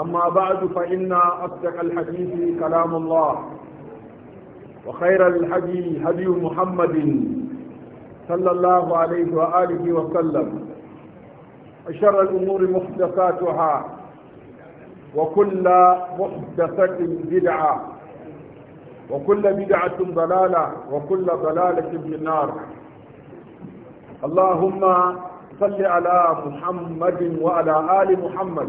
أما بعد فإن أصدق الحديث كلام الله وخير الهدي هدي محمد صلى الله عليه وآله وسلم وشر الأمور محدثاتها وكل محدثة بدعة وكل بدعة ضلالة وكل ضلالة في النار اللهم صل على محمد وعلى آل محمد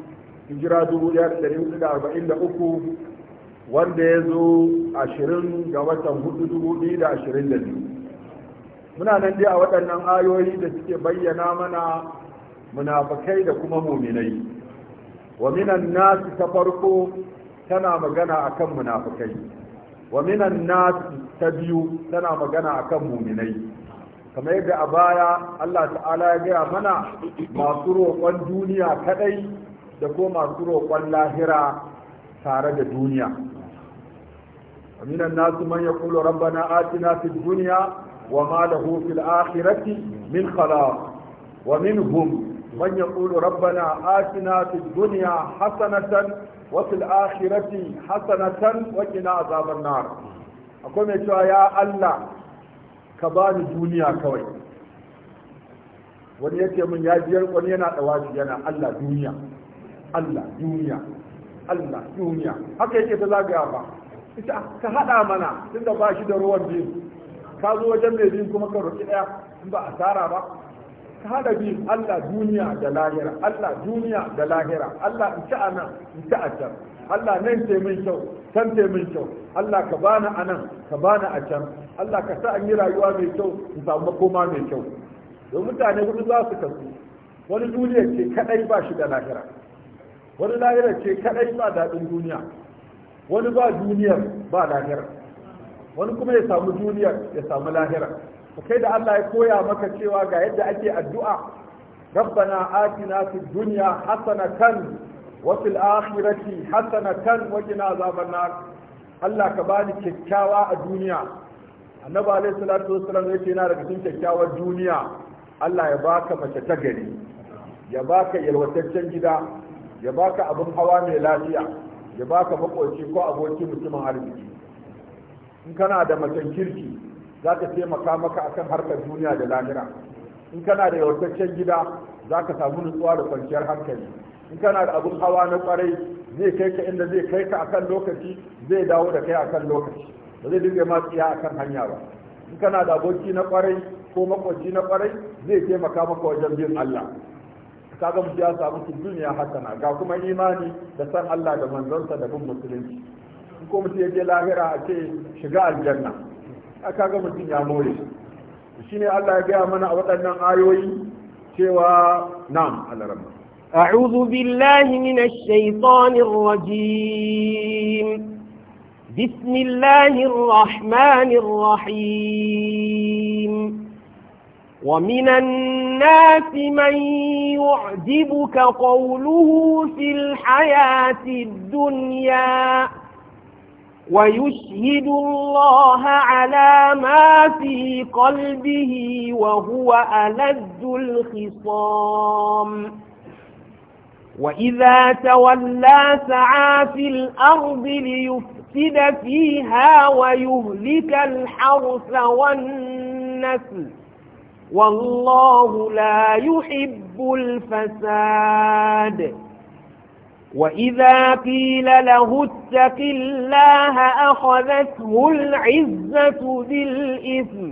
hijira uku, wanda ya zo ashirin ga watan dubu biyu da da ashirin biyu. muna nan dai a waɗannan ayoyi da suke bayyana mana munafakai da kuma muminai wa minan nasu ta farko tana magana akan munafakai wa minan nasu ta biyu tana magana akan muminai kamar yadda a baya Allah ta'ala ya gaya mana masu roƙon duniya kaɗai. da ko masu roƙon lahira tare da duniya aminan nasu man ya kulu rabbana atina fid dunya wa ma lahu fil akhirati min khalaq wa minhum man yaqulu rabbana atina fid dunya hasanatan wa fil akhirati hasanatan wa qina azaban nar akwai mai cewa ya Allah ka bani duniya kawai wani yake mun ya biyar wani yana dawaji yana Allah duniya Allah duniya Allah duniya haka yake ta zagaya ba ita ka hada mana tunda ba shi da ruwan biyu ka zo wajen mai din kuma ka roki daya in ba asara ba ka hada bi Allah duniya da lahira Allah duniya da lahira Allah in ci anan in ci a can Allah nan ce min kyau can ce min kyau Allah ka bani anan ka bani a can Allah ka sa an yi rayuwa mai kyau in samu makoma mai kyau don mutane hudu za su kasu wani duniya ce kadai ba shi da lahira wani lahira ce kadai ba daɗin duniya wani ba duniyar ba lahira wani kuma ya samu duniyar ya samu lahira kai da Allah ya koya maka cewa ga yadda ake addu'a rabbana atina fid dunya hasanatan wa fil akhirati hasanatan wa qina azaban Allah ka bani kyakkyawa a duniya annabi alayhi salatu wassalam yace yana daga cikin kyakkyawar duniya Allah ya baka mace ta gari ya baka yalwataccen gida ya baka abin hawa mai lafiya ya baka makoci ko aboki mutumin arziki in kana da macen kirki za ka taimaka maka akan harkar duniya da lahira in kana da yautaccen gida za ka samu nutsuwa da kwanciyar hankali in kana da abin hawa na kwarai zai kai ka inda zai kai ka akan lokaci zai dawo da kai akan lokaci ba zai dinga ma tsiya akan hanya ba in kana da aboki na kwarai ko makwaci na kwarai zai taimaka maka wajen bin Allah kaga mutum ya samu su duniya hasana ga kuma imani da san Allah da manzonsa da bin musulunci ko mutum ya je lahira a ce shiga aljanna a kaga mutum ya more ne Allah ya gaya mana a waɗannan ayoyi cewa na'am alarama أعوذ بالله من الشيطان الرجيم بسم الله الرحمن الرحيم ومن الناس من يعجبك قوله في الحياة الدنيا ويشهد الله على ما في قلبه وهو ألد الخصام وإذا تولى سعى في الأرض ليفسد فيها ويهلك الحرث والنسل والله لا يحب الفساد وإذا قيل له اتق الله أخذته العزة بالإثم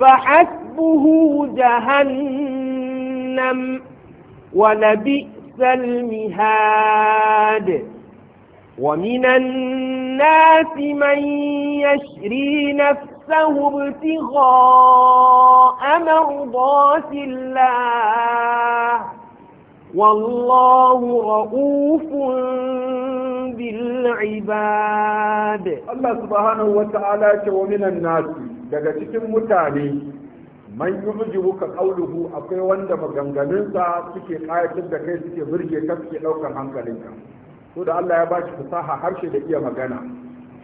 فحسبه جهنم ولبئس المهاد ومن الناس من يشري نفسه نفسه ابتغاء مرضات الله والله رؤوف بالعباد الله سبحانه وتعالى ومن الناس daga cikin mutane man yujibuka qawluhu akwai wanda maganganunsa suke kayatar da kai suke burge ka suke ɗaukar hankalinka to da Allah ya ba shi fasaha harshe da iya magana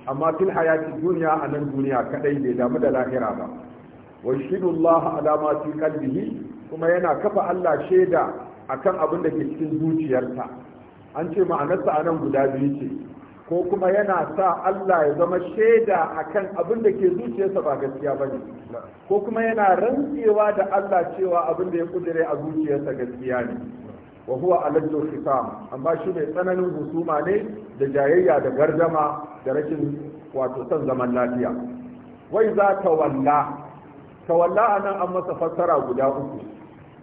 amma fil hayati duniya a nan duniya kadai bai damu da lahira ba wa Allah ala ma fi qalbihi kuma yana kafa Allah shaida akan abin da ke cikin zuciyarsa an ce ma'anarsa a nan guda biyu ce ko kuma yana sa Allah ya zama shaida akan abin da ke zuciyarsa ba gaskiya bane ko kuma yana rantsewa da Allah cewa abin da ya kudure a zuciyarsa gaskiya ne wa huwa aladdu hisam amma shi mai tsananin husuma ne da jayayya da gardama da rashin wato son zaman lafiya wai za walla a nan an masa fassara guda uku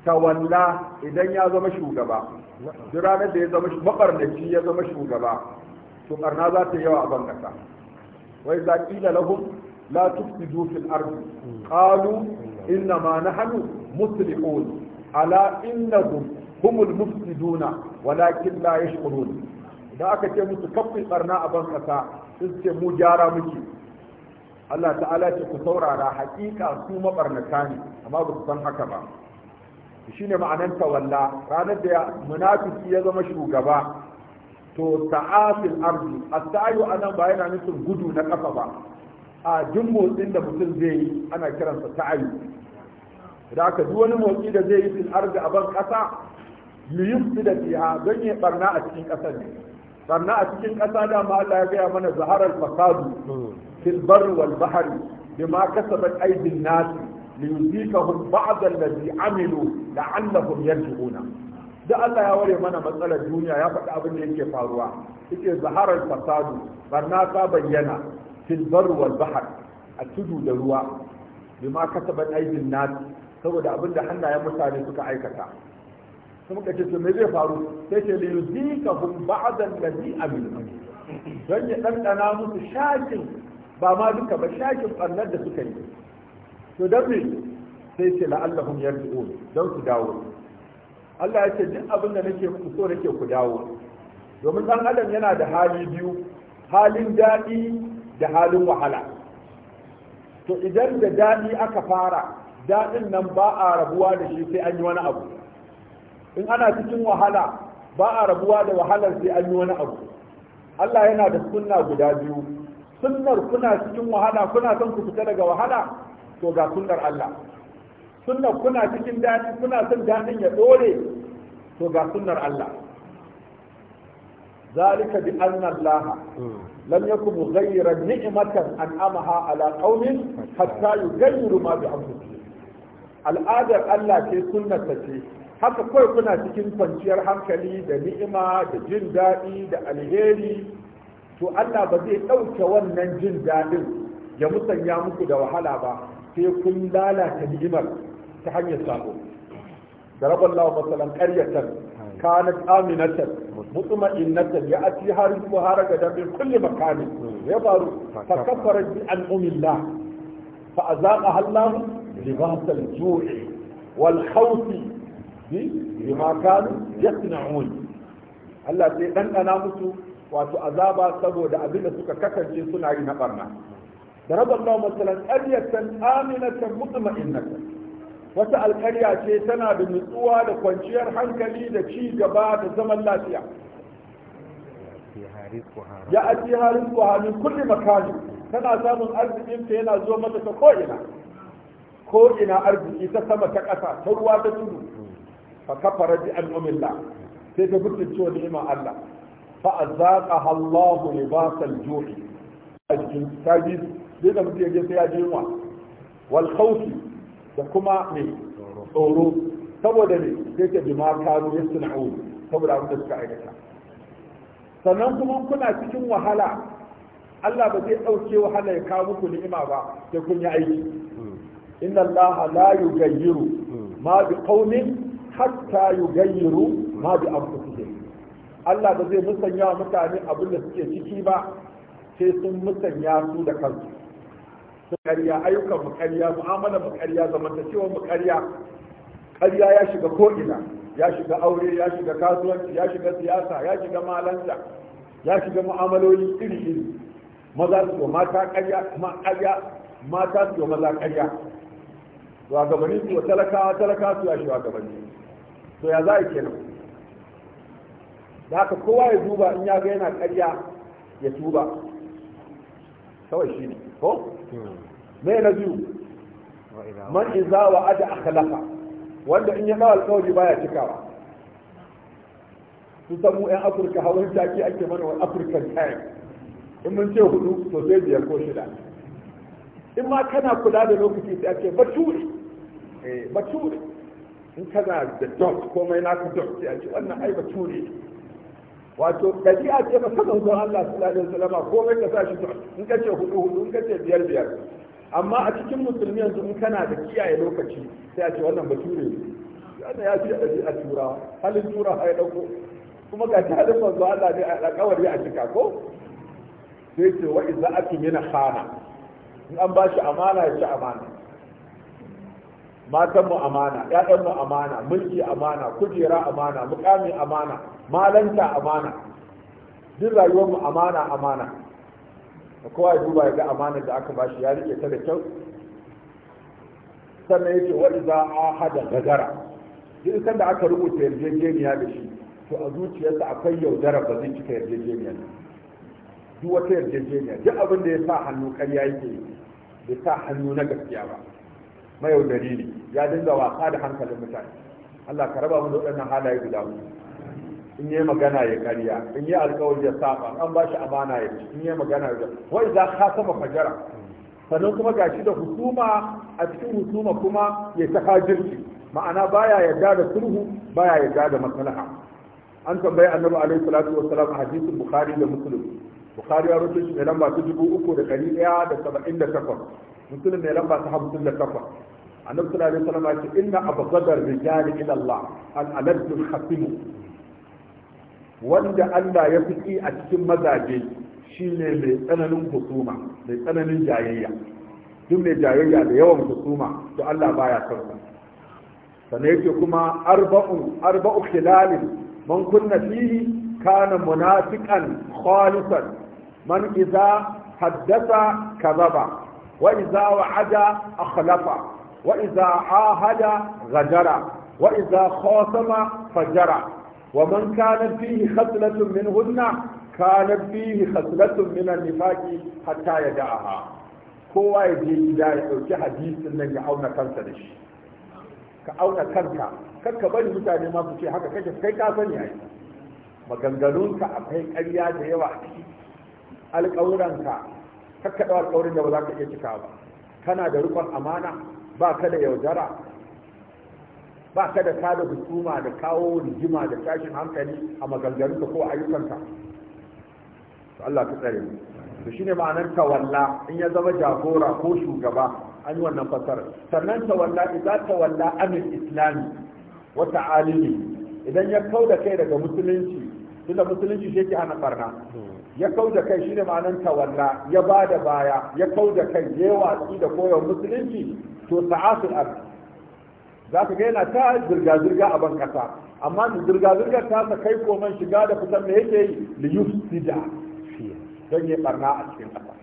walla idan ya zama shugaba duk ranar da ya zama mabarnaci ya zama shugaba to barna za ta yawa a bankasa wai za kila lahum la tufsidu fil ardi hmm. qalu inna ma nahnu muslihun ala innahum humul mufsiduna walakin la yashkurun da aka ce musu kafin barna a ban kasa sun ce mu gyara muke Allah ta'ala ce ku saurara hakika su mabarnata ne amma ba su san haka ba shine ma'anar tawalla ranar da munafiki ya zama shugaba to ta'afil a at-ta'ayu anan ba yana nufin gudu na kafa ba a jin motsin da mutum zai yi ana kiransa ta'ayu da aka duk wani motsi da zai yi fil ardi a ban kasa su da fiha don yi barna a cikin ƙasar ne barna a cikin ƙasa da ma Allah ya gaya mana zaharar fasadu fil barri wal bahri bima kasabat aydin nas liyuzikahum ba'd allazi amilu la'allahum yarji'una da Allah ya ware mana matsalar duniya ya faɗi abin da yake faruwa yake zaharar fasadu barna ta bayyana fil barri wal a tudu da ruwa bima kasabat aydin saboda abin da hannayen mutane suka aikata kuma ka ce me zai faru sai ce liyuzika hum ba'da allazi amilu don ya ɗanɗana musu shakin ba ma duka ba shakin ɓarnar da suka yi to don me sai ce la'allahum yarji'un don su dawo Allah ya ce duk abin da nake ku so nake ku dawo domin ɗan adam yana da hali biyu halin daɗi da halin wahala to idan da daɗi aka fara daɗin nan ba a rabuwa da shi sai an yi wani abu in ana cikin wahala ba a rabuwa da wahalar sai an yi wani abu Allah yana da sunna guda biyu sunnar kuna cikin wahala kuna son ku fita daga wahala to ga sunnar Allah sunnar kuna cikin daɗi kuna son daɗin ya ɗore to ga sunnar Allah bi ذلك بأن الله لم يكن مغيرا نعمة أنعمها على قوم حتى يغيروا ما بأنفسهم al'adar Allah ce sunnarsa ce haka kawai kuna cikin kwanciyar hankali da ni'ima da jin daɗi da alheri to Allah ba zai ɗauke wannan jin daɗin ya musanya muku da wahala ba sai kun lalata ni'imar ta hanyar sabo da rabon lawa masalan ƙaryatar kanat aminatan mutma'innatan ya ati har zuwa har ga dabin kulli makani ya faru fa kafara bi al'umillah fa azaqa Allah libas jui wal khawfi bi bima kanu yasna'un Allah sai ɗanɗana musu wato azaba saboda abin da suka kasance suna yi na barna da rabbana مثلا قرية aminatan mutma'innatan wata alkarya ce tana da nutsuwa da kwanciyar hankali da ci gaba da zaman lafiya ya aji harin kuhamin kulli makani tana samun arzikinta yana zo mata ta ko'ina ko'ina arziki ta sama ta ƙasa ta ruwa ta tudu fa kafara bi an'umillah sai ta butulce wa ni'imar Allah fa azaqaha Allah libasal ju'i ajin sabi sai da mutum ya sai ya ji yunwa wal da kuma ne tsoro saboda ne sai ta bi ma karu yasna'u saboda abin da suka aikata sannan kuma kuna cikin wahala Allah ba zai ɗauke wahala ya kawo ku ni'ima ba sai kun yi aiki hmm. inna Allah la yugayyiru hmm. ma hatta yugayyiru ma bi anfusihim Allah ba zai musanya wa mutane abin da suke ciki ba sai sun musanya su da kansu su ƙarya ayyukan mu ƙarya mu'amalar mu ƙarya zamantakewar mu ƙarya ya shiga ko'ina ya shiga aure ya shiga kasuwanci ya shiga siyasa ya shiga malanta ya shiga mu'amaloli iri-iri maza su mata ƙarya ma ƙarya mata su maza ƙarya shugabanni su talakawa talakawa su ya shugabanni to ya za a kenan da haka kowa ya duba in ya ga yana karya ya tuba kawai shi ne ko me na biyu man iza wa ada akhlafa wanda in ya dawo alkawari baya cikawa su san mu yan afirka hawan taki ake mana wa african time in mun ce hudu to sai biyar ko shida in ma kana kula da lokaci sai ake bature eh, bature in kana da dot komai naka dot sai a ce wannan ai ture wato a ce ba ta manzon Allah sallallahu alaihi wasallam komai ka sa shi dot in ka ce hudu hudu in ka ce biyar biyar amma a cikin musulmi yanzu in kana da kiyaye lokaci sai a ce wannan ba ne wannan ya ce a tura, halin tura ya ɗauko kuma ga ta halin manzo Allah ne a alƙawari a cika ko sai ce wa iza atu min khana in an ba shi amana ya ci amana matan matanmu amana mu amana mulki amana kujera amana mukami amana malanta amana duk mu amana amana da kowa duba ya ga amana da aka bashi ya rike ta da kyau sannan ya ce iza ahada gagara duk da aka rubuta yarjejeniya da shi to a zuciyarsa akwai yaudara ba zai cika yarjejeniya duk wata yarjejeniya duk abin da ya sa hannu ƙarya yake bai sa hannu na gaskiya ba mayaudari ne ya dinga wasa da hankalin mutane Allah ka raba mu da waɗannan halaye guda mu in yi magana ya kariya. in yi alkawari ya saba an ba shi amana ya ci in yi magana ya Wai za ka khasama fajara sannan kuma gashi da husuma a cikin husuma kuma ya ta hajirci ma'ana baya yarda da sulhu baya yarda da maslaha an tambayi annabi alaihi salatu wassalam a hadisin bukhari da muslim bukhari ya rubuta shi mai lamba ta dubu uku da ɗari ɗaya da saba'in da takwas musulun mai lamba ta hamsin da takwas annabi sallallahu alaihi wasallam ya inna abghadar rijali ila Allah al wanda Allah ya fi a cikin mazaje shine mai tsananin husuma mai tsananin jayayya duk mai jayayya da yawan husuma to Allah baya son sa sannan yake kuma arba'u arba'u khilal man kunna fihi kana munafiqan khalisan man idza haddatha kadhaba wa idza wa'ada akhlafa wa idza ahada ghajara wa idza khasama fajara wa man kana fihi khaslatun minhunna kana fihi min an-nifaqi hatta yada'aha kowa ya je gida ya ɗauki hadisin nan ya auna kansa da shi ka auna kanka kar ka bari mutane ma ce haka kake kai ka sani ai maganganunka akwai ƙarya da yawa a ciki alƙawuranka kakka ɗawar ƙaurin da ba za ka iya cika ba kana da rukun amana ba ka da yaudara ba ka da tada hukuma da kawo rigima da tashin hankali a maganganunka ko ayyukanka to Allah ka tsare to shine ma'anar tawalla in ya zama jagora ko shugaba an yi wannan fasar sannan tawalla ita tawalla amin islami wata ta'alimi idan ya kau da kai daga musulunci tunda musulunci shi yake ana farna. Hmm. ya kau da kai shine ma'anar tawalla ya ba da baya ya kau da kai ya watsi da koyon musulunci to sa'asul ard za ka ga yana ta zirga zirga a ban kasa amma zirga zirgar ta sa kai koman shiga da fitan me yake yi li yufsida don ya barna a cikin kasa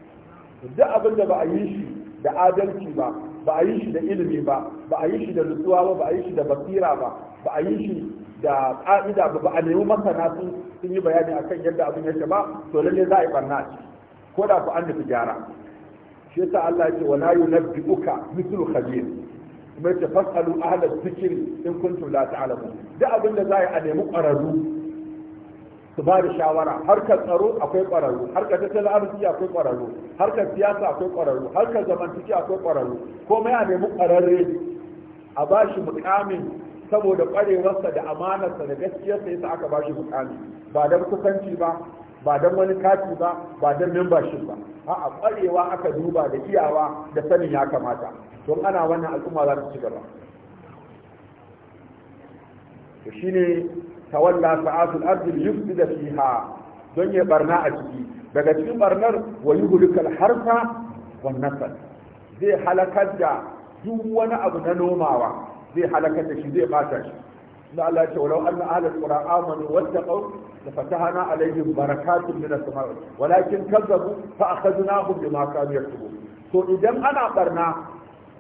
duk abin da ba a yi shi da adalci ba ba a yi shi da ilimi ba ba a yi shi da nutsuwa ba ba a yi shi da basira ba ba a yi shi da ƙa'ida ba ba a nemi masana sun yi bayani a kan yadda abin yake ba to lalle za a yi barna ce ko da ku an nufi gyara shi yasa Allah ya ce wala yunabbi'uka mithlu khabir kuma yace fasalu ahla dhikr in kuntum la ta'lamun duk abin da za a nemi ƙwararru su ba da shawara harkar tsaro akwai ƙwararru harkar tattalin arziki akwai ƙwararru harkar siyasa akwai ƙwararru harkar zamantaki akwai ƙwararru komai a nemi ƙwararre a ba shi mukamin saboda ƙwarewarsa da amanarsa da gaskiyarsa yasa aka bashi shi mukami ba don kusanci ba ba don wani kati ba ba don membership ba a'a ƙwarewa aka duba da iyawa da sanin ya kamata don ana wannan al'umma za ta ci gaba to shine tawalla sa'atul ardi da fiha don ya barna a ciki daga cikin barnar wa yuhlikal harfa wan nasl zai halakar da duk wani abu na nomawa zai halakar da shi zai bata shi da Allah ya ce walau anna ahlul qura amanu wattaqu la fatahna alaihim barakatun minas samai walakin kazzabu fa akhadnahum bima kanu yaktubun to idan ana barna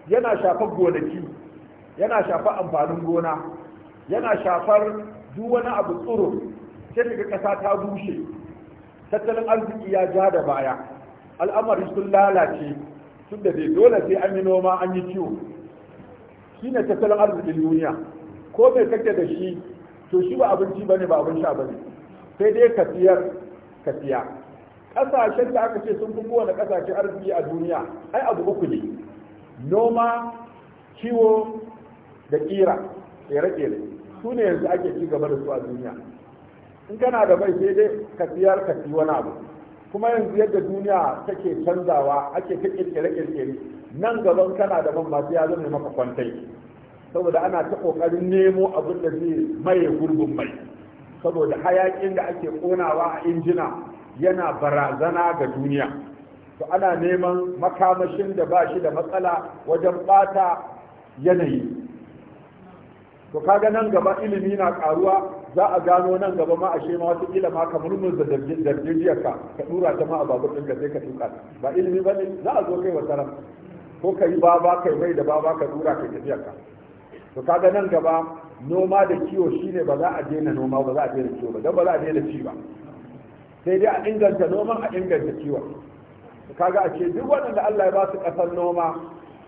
yana shafar gonaki yana shafar amfanin gona yana shafar duk wani abu tsuro sai daga ƙasa ta bushe tattalin arziki ya ja da baya al'amari sun lalace tun da dole sai an yi noma an yi kiwo shi ne tattalin arzikin duniya ko mai kake da shi to shi ba abinci ba ne ba abin sha ba ne sai dai ka siyar ka ƙasashen da aka ce sun fi kowane ƙasashen arziki a duniya ai abu uku ne noma ciwo, da ƙira ƙere-ƙere su ne yanzu ake ci gaba da su a duniya in kana da mai sai dai ka siyar wani abu kuma yanzu yadda duniya take canzawa ake ta ƙirƙire-ƙirƙire nan gaban kana da man masu ya ne maka kwantai saboda ana ta kokarin nemo abin da zai maye gurbin mai saboda hayakin da ake konawa a injina yana barazana ga duniya to ana neman makamashin da ba shi da matsala wajen bata yanayi to kaga nan gaba ilimi na karuwa za a gano nan gaba ma ashe ma wata kila ma kamar mun da darjejiyar ka ka dura ta ma a babur sai ka tuka ba ilimi bane za a zo kai wa ko ka yi baba kai mai da baba ka dura ka yi ka to kaga nan gaba noma da kiwo shine ba za a daina noma ba za a daina kiwo ba dan ba za a daina ci ba sai dai a inganta noman a inganta kiwon kaga a ce duk wanda Allah ya ba su kasar noma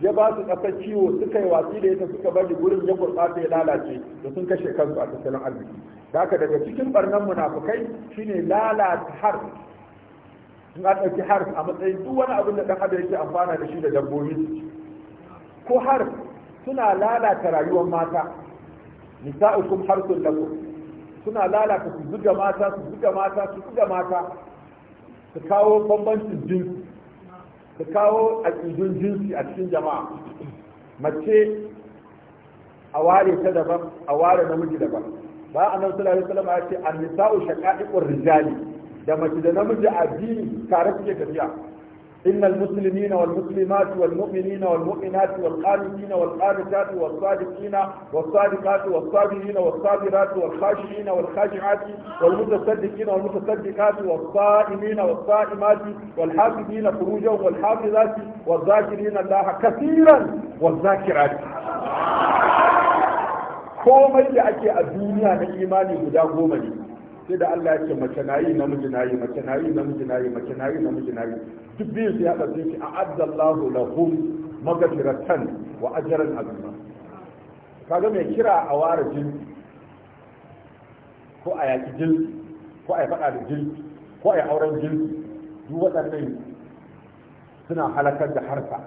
ya ba su kasar kiwo suka yi watsi da ita suka bari gurin ya gurɓata ya lalace da sun kashe kansu a tattalin arziki da haka daga cikin barnan munafukai shine lalata har in ɗauki harf a matsayin duk wani abin da ɗan adam yake amfana da shi da dabbobi ko harf suna lalata rayuwar mata nisa'ukum harsun lakum suna lalata su zuga mata su zuga mata su zuga mata su kawo bambancin jinsi su kawo aƙidun jinsi a cikin jama'a mace a ware ta daban a ware namiji daban ba a nan sallallahu alaihi ya ce an nisa'u shaqa'iqur rijali da mace da namiji addini tare suke tafiya إن المسلمين والمسلمات والمؤمنين والمؤمنات والقانتين والقانتات والصادقين والصادقات والصابرين والصابرات والخاشعين والخاشعات والمتصدقين والمتصدقات والصائمين والصائمات والحافظين فروجهم والحافظات والذاكرين الله كثيرا والذاكرات komai da ake a duniya na imani guda goma ne sai da Allah ya ce mace na yi namiji na yi mace na yi namiji na yi mace na yi namiji na yi duk biyu su ya ɗauke shi a addallahu lahum magfiratan wa ajran azima kaga mai kira a ware jinsi ko a yaki jinsi ko a yi faɗa da jinsi ko a yi auren jinsi duk waɗannan suna halakar da harka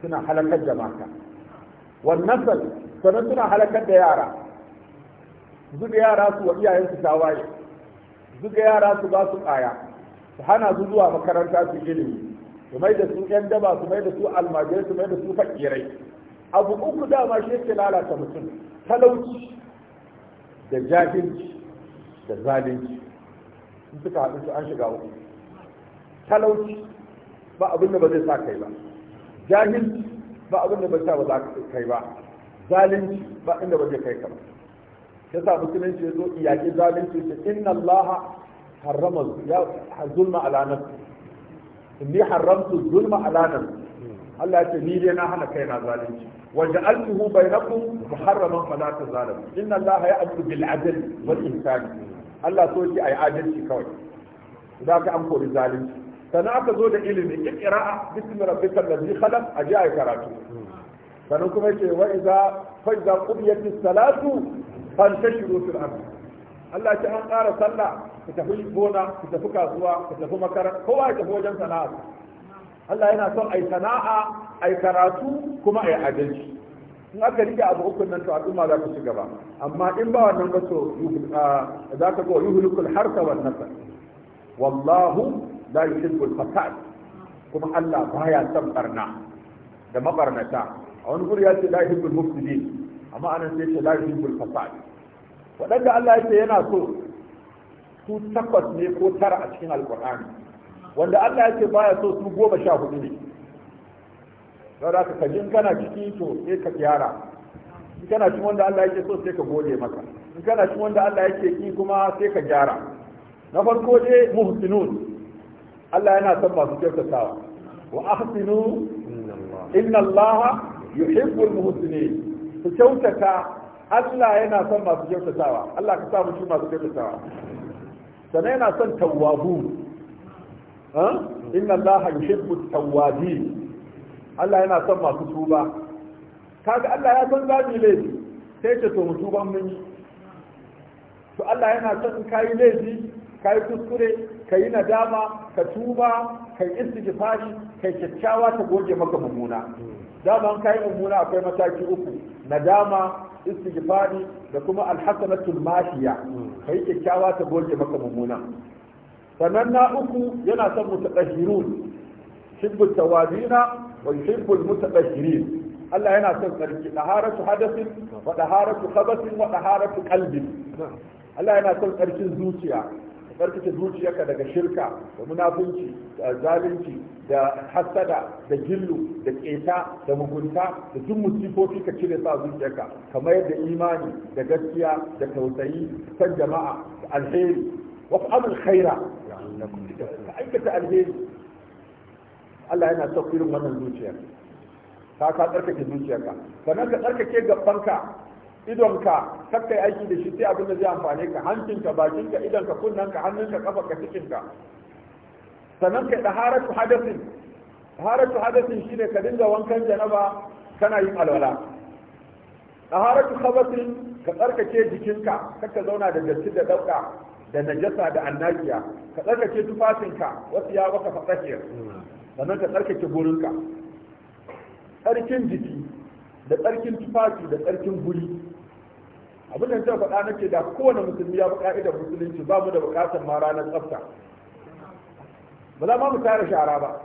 suna halakar da mata wannan sanan suna halakar da yara zuga yara su wa iyayensu tawaye zuga yara su ba su kaya su hana su zuwa makaranta su ilimi su mai da su yan daba su mai da su almajirai su mai da su fakirai abu uku dama shi yake lalata mutum talauci da jahilci da zalunci in suka haɗu su an shiga uku talauci ba abin da ba zai sa kai ba jahilci ba abin da ba sa ba za ka kai ba zalunci ba inda ba zai kai ka ba sa musulunci ya zo yaƙi zalunci ce inna Allah harrama ya zulma ala nafsi inni haramtu zulma ala nafsi Allah ya ce ni dai na hana kaina zalunci waja'altuhu bainakum muharraman fala tazalimu inna Allah ya'muru bil adl wal ihsan Allah so ki ayi adalci kawai idan ka an kori zalunci sannan aka zo da ilimi in iqra'a bismi rabbikal ladzi khalaq aji ayi karatu sannan kuma yace wa idza fa idza qudiyat salatu fantashiru fil ardh Allah ce an ƙara sallah ka tafi gona ka tafi kasuwa ka tafi makaranta kowa ya tafi wajen sana'a Allah yana son ai sana'a ai karatu kuma ai adalci in aka rike abu uku nan to al'umma za ku ci gaba amma in ba wannan ba to za ka ga yuhlikul harsa wan nasl wallahu la yuhibbul fasad kuma Allah baya son barna da mabarnata a wani guri ya ce la yuhibbul mufsidin amma anan sai ce lafi yuhibbul fasad waɗanda Allah yake yana so su takwas ne ko tara a cikin alqur'ani wanda Allah yake baya so su goma sha hudu ne don haka ka jin kana ciki to sai ka gyara in kana cikin wanda Allah yake so sai ka gode maka in kana cikin wanda Allah yake ki kuma sai ka gyara na farko dai muhsinun Allah yana son masu kyautatawa wa ahsinu inna Allah yuhibbul muhsinin Su kyautata Allah yana son masu kyautatawa Allah ka samu shi masu kyautatawa sannan yana son tawwabu inna Allah yuhibbu tawwabi Allah yana son masu tuba kaga Allah ya san zabi laifi sai ce to mu tuban mun yi to Allah yana son kai laifi kai kuskure kai nadama ka tuba kai istighfari kai kyakkyawa ta goge maka mummuna dama kai mummuna akwai mataki uku nadama istighfari da kuma alhasanatul mashiya kai kyakkyawa ta goge maka mummuna sannan na uku yana son mutadahirun hibbul tawabina wa hibbul mutadahirin Allah yana son tsarki daharatu hadasin wa daharatu khabasin wa daharatu qalbin Allah yana son tsarkin zuciya tsarkake zuciyarka daga shirka da munafunci da zalunci da hasada da gillu da keta da mugunta da duk musifofi ka cire sa zuciyarka kamar yadda imani da gaskiya da tausayi san jama'a da alheri wa fa'amul khaira ka aikata alheri Allah yana son irin wannan zuciyar ka ka tsarkake zuciyarka sannan ka tsarkake gabanka idonka kakkai aiki da shi sai abin da zai amfane ka hancinka bakinka idonka kunnanka hannunka kafarka cikinka sannan kai daharatu hadasin daharatu hadasin shine ka dinga wankan janaba kana yin alwala daharatu khabasin ka tsarkake jikinka kakka zauna da datti da dauka da najasa da annajiya ka tsarkake tufafinka wasu ya baka fasahiyar sannan ka tsarkake gurinka tsarkin jiki da tsarkin tufafi da tsarkin guri abin da zai faɗa nake da kowane musulmi ya bi ka'idar musulunci ba mu da buƙatar ma ranar tsafta ba za ma mu tara shara ba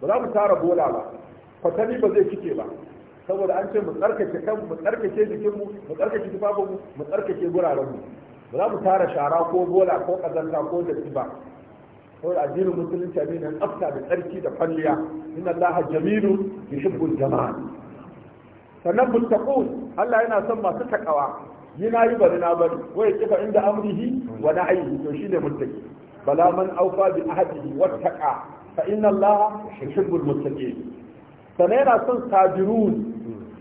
ba za mu tara bola ba kwatami ba zai cike ba saboda an ce mu tsarkake kan mu tsarkake jikin mu tsarkake tufafin mu tsarkake mu, ba za mu tara shara ko bola ko kazanta ko datti ba saboda addinin musulunci ne nan tsafta da tsarki da kwalliya inna Allah jamilu yuhibbul jama'a sannan muttaqun Allah yana son masu takawa ni na yi bari na bari wai kifa inda amrihi wa nahyihi to ne mutaki. bala man awfa bi ahdihi wattaqa fa inna allaha yuhibbul muttaqin sana yana son sabirun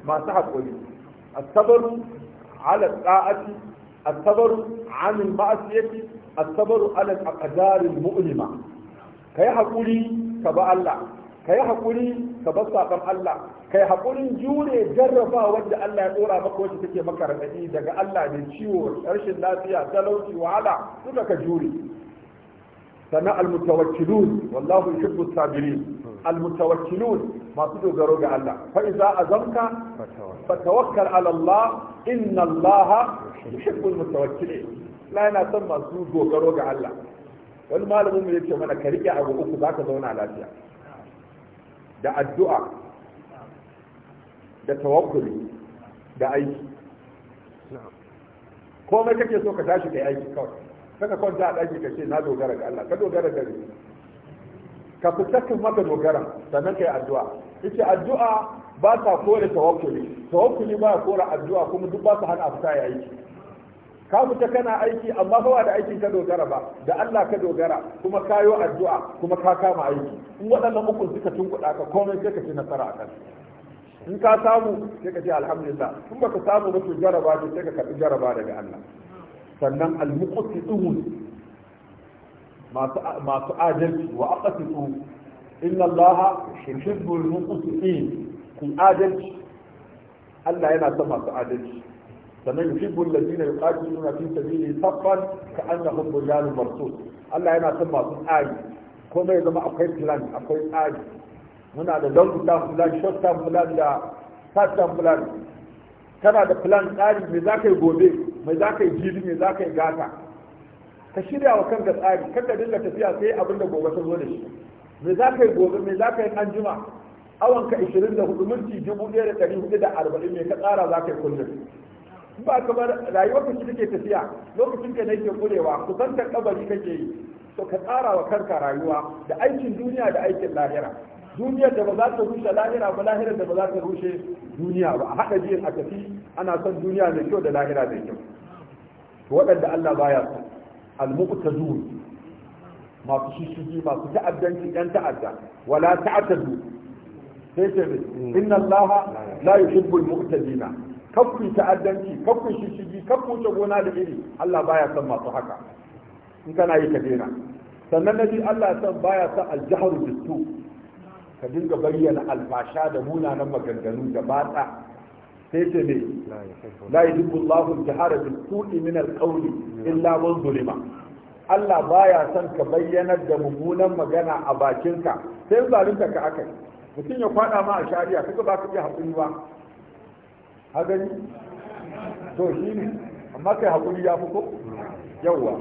masu hakuri as-sabru ala ta'ati as-sabru an al-ma'siyati as-sabru ala al-aqdar al-mu'lima kai hakuri ka ba Allah ka yi haƙuri ka bar saƙon Allah ka yi haƙurin jure jarraba wanda Allah ya ɗora maka wacce take maka raɗaɗi daga Allah mai ciwo rashin lafiya talauci wahala duka ka jure sannan almutawakkilun wallahu yuhibbu sabirin almutawakkilun masu dogaro ga Allah fa iza azamka fatawakkal ala Allah inna Allah yuhibbul mutawakkilin la yana son masu dogaro ga Allah wani malamin mu yake mana ka rike abu uku zaka zauna lafiya da addu'a da tawakkuli da aiki komai kake so ka tashi kai aiki kawai saka kwanta a ɗaki ka ce na dogara ga Allah ka dogara da ka fitakin maka dogara sannan kai addu'a ita addu'a ba sa kore tawakkuli tawakkuli ba ya kore addu'a kuma duk ba su hana a fita ya aiki ka fita kana aiki amma ba da aikin ka dogara ba da Allah ka dogara kuma kayo addu'a kuma ka kama aiki in waɗannan uku suka tunkuɗa ka komai sai ka ci nasara a kan in ka samu sai ka ce alhamdulillah in baka samu ba to jaraba ne, sai ka karɓi jaraba daga Allah sannan al almuqsitun masu masu adalci wa aqsitu inna Allah yuhibbul muqsitin kun adalci Allah yana son masu adalci sannan yuhibbu allazina yuqatiluna fi sabilihi saffan ka'annahum bunyanun marsus Allah yana son masu tsari Ko mai zama akwai plan akwai tsari muna da long term plan short term plan da short term plan kana da plan tsari mai za ka yi gobe mai za ka yi jibi mai za ka yi gata ka shirya wa kanka tsari kanka dinga tafiya sai abin da gobe ta zo da shi Mai za ka yi gobe mai za ka yi anjima awanka 24 minti 1440 ne ka tsara za ka yi kullum ba kamar rayuwar ka take tafiya lokacin ka ne ke kurewa kusantar kabari kake yi to ka tsara wa kanka rayuwa da aikin duniya da aikin lahira duniyar da ba za ta rushe lahira ba lahirar da ba za ta rushe duniya ba a haɗa jiyan a tafi ana son duniya mai kyau da lahira mai kyau waɗanda Allah baya su al-muqtadun masu shishigi masu ta'addanci ɗan ta'adda wala ta'addadu sai ce mm. inna Allah la yuhibbu al-muqtadina kakku ta'addanci kakku shishigi kakku wuce gona da iri Allah baya son masu haka in kana yi ka daina sannan nabi Allah san baya son aljahar bisu ka dinga bayyana alfasha da munanan maganganu da batsa sai ce ne la yuhibbu Allahu al-jahara min al illa man zulima Allah baya son ka bayyanar da mummunan magana a bakinka sai zalunta ka akai mutum ya kwada ma a shari'a kaga ba ka iya hakuri ba ha gani to shi ne amma kai hakuri ya fi ko yawwa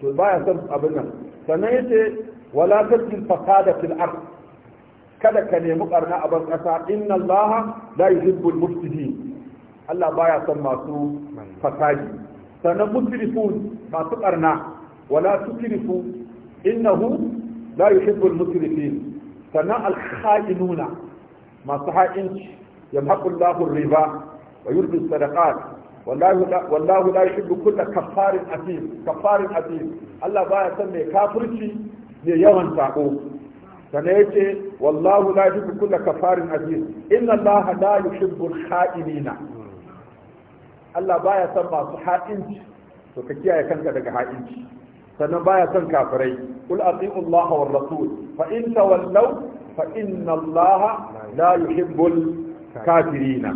to ba ya son abin nan sannan ce wala tajil fasada fil ard kada ka nemi barna a ban kasa inna allaha la yuhibbul mufsidin Allah baya son masu fasadi sannan musrifun masu barna wala tusrifu innahu la yuhibbul musrifin sannan al kha'inuna masu ha'inci yamhaqullahu riba ويربي الصدقات والله لا والله لا يحب كل كفار اثيم كفار اثيم الله با san mai kafirci mai yawan sako sana yace wallahu la yuhibbu kulla kafarin aziz inna allaha la yuhibbu al Allah baya san masu ha'inci to ka kiyaye kanka daga ha'inci sannan baya san kafirai kul ati'u Allah war rasul fa in tawallaw fa inna allaha la yuhibbu kafirina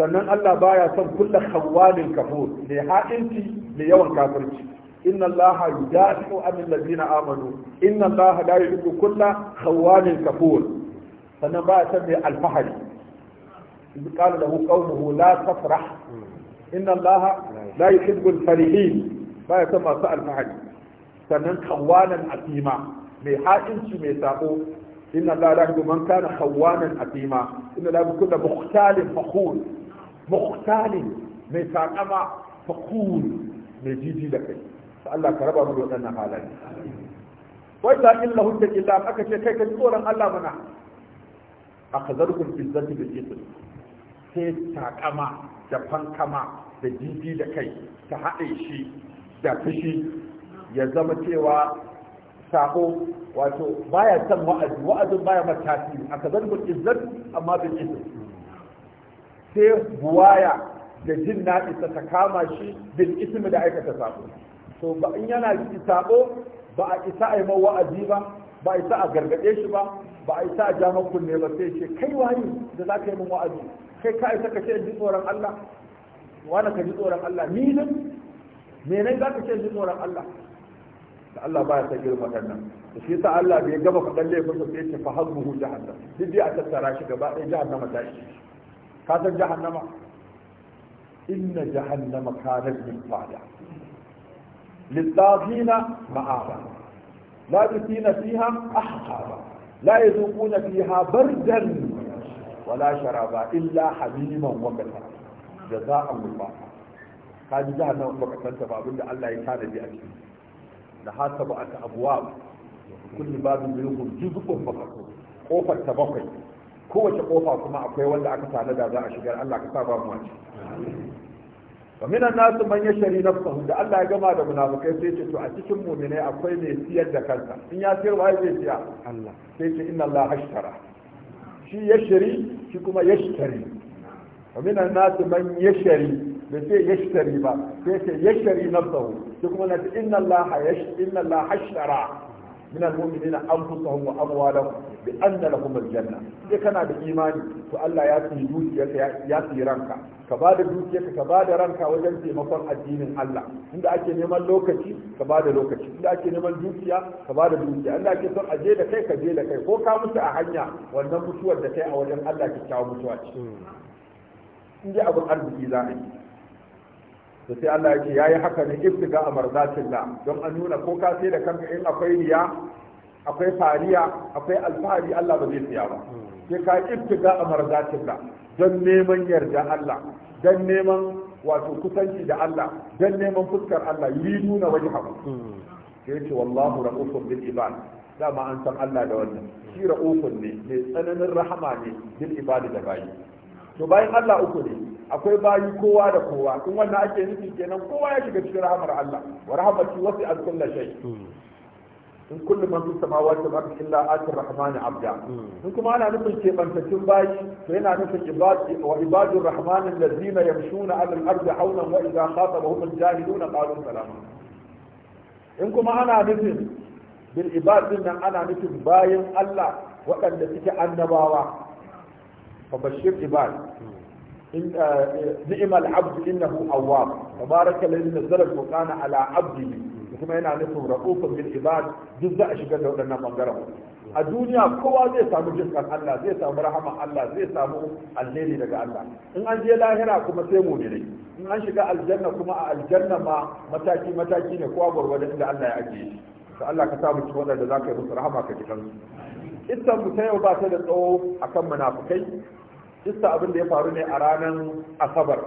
sannan Allah baya son kulla khawalin kafur mai ha'inci mai yawan kafirci inna allaha yudafi'u anil ladina amanu inna allaha la yuhibbu kulla khawalin kafur sannan baya son mai alfahari إذ قال له قومه لا تفرح إن الله لا يحب الفرحين baya son masu alfahari. Sannan خوانا أثيما mai ha'inci mai ساقو إن الله لا يحب من كان خوانا أثيما إن الله بكل مختال فخور mukhtalin mai sakama fakur mai jiji da kai Allah ka raba mu da waɗannan halaye wai ta illa hudda illa aka ce kai ka tsoron Allah mana akhadharukum fi dhati bil ithm sai sakama da fankama da jiji da kai ta haɗe shi da fushi ya zama cewa sako wato baya son wa'azi wa'azin baya mata tasiri akhadharukum izzat amma bil ithm sai buwaya da jin naɗi ta kama shi bil ismi da aikata sabo So ba in yana sabo ba a isa a yi wa'azi ba ba a isa a gargaɗe shi ba ba a isa a ja kunne ba sai ce kai wani da za ka yi min wa'azi kai ka isa ka ce in ji tsoron Allah wani ka ji tsoron Allah ni ne menai za ka ce in ji tsoron Allah da Allah baya ta girma waɗannan da shi yasa Allah bai gaba faɗan laifin sa sai ya ce fa hazbuhu jahannam duk dai a tattara shi gaba ɗaya jahannama ta shi kasar jahannama inna jahannama kanar min fada littafina ma'aba la bisina fiha ahqaba la yadukuna fiha bardan wala sharaba illa habiman wa kata jaza'an wa kaji jahannama ba ka santa ba abinda Allah ya tana bi a ciki da hasaba aka abuwa kulli babin yuhum juz'un fa kafu kofar ta bakwai kowace kofa kuma akwai wanda aka tanada za a shigar Allah ka sa ba mu wace wa minan nasu man yashri nafsahu da Allah ya gama da munafikai sai ce to a cikin muminai akwai mai siyar da kansa in ya siyar wai zai siya Allah sai ce inna Allah ashtara shi yashri shi kuma yashtari wa minan nasu man yashri bai ce yashtari ba sai ce yashri nafsahu shi kuma na inna Allah inna Allah ashtara من المؤمنين أنفسهم وأموالهم بأن لهم الجنة إذا كان بإيمان فألا يأتي دوسيك يأتي رنكا كبعد دوسيك كبعد رنكا وجن في مصر الدين الله عند أكي نمان لوكتي كبعد لوكتي عند أكي نمان دوسيا كبعد دوسيا عند أكي صر أجيلة كي كجيلة كي هو كامس أحنيا والنمسوة دكي أولا الله كي كامسوة عندي أبو الأرض إذا to sai Allah yake yayi haka ne ibtiga amarzatillah don an nuna ko ka sai da kanka in akwai riya akwai fariya akwai alfahari Allah ba zai siya ba sai ka ibtiga amarzatillah don neman yarda Allah don neman wato kusanci da Allah don neman fuskar Allah yi nuna waje haka. sai yace wallahu ra'ufun bil ibad dama an san Allah da wannan shi ra'ufun ne mai tsananin rahama ne bil ibad da bayi to bayan Allah uku ne akwai bayi kowa da kowa in wannan ake nufi kenan kowa ya shiga cikin rahamar Allah wa rahmatu wasi al kulli shay in kullu man fi samawati wal ardi illa atir rahmani abda in kuma ana nufin kebantattun bayi to yana nufin ibadi wa ibadur rahmani allazina yamshuna ala al ardi hawlan wa idha khatabahum al jahiluna qalu salama in kuma ana nufin bil ibad din nan ana nufin bayin Allah waɗanda suke annabawa فبشر عباد إن abdu العبد إنه أواب تبارك الذي نزل الفرقان على kuma yana nufin raƙofin bil ibad duk za a shigar da waɗannan ɓangaren a duniya kowa zai samu jinkan Allah zai samu rahama Allah zai samu alheri daga Allah in an je lahira kuma sai mu in an shiga aljanna kuma a aljanna ma mataki mataki ne kowa gwargwadon inda Allah ya ajiye shi to Allah ka sa mu ci waɗanda za ka yi musu rahama ka ji Istar mu ta yau ba ta da tsawo kan munafukai Istar abin da ya faru ne a ranar asabar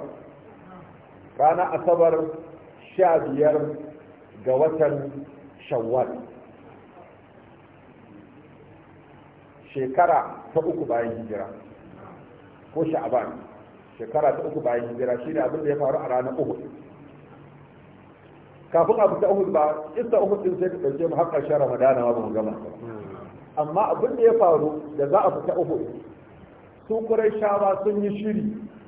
ranar asabar sha biyar ga watan shawwal shekara ta uku bayan hijira ko sha'aban shekara ta uku bayan hijira shi ne abin da ya faru a ranar uhud kafin abu ta uhud ba isa uhud din sai ka ɗauke mu har ƙarshen ramadana ba mu gama amma abin da ya faru da za a fita uhud su shawa sun yi shiri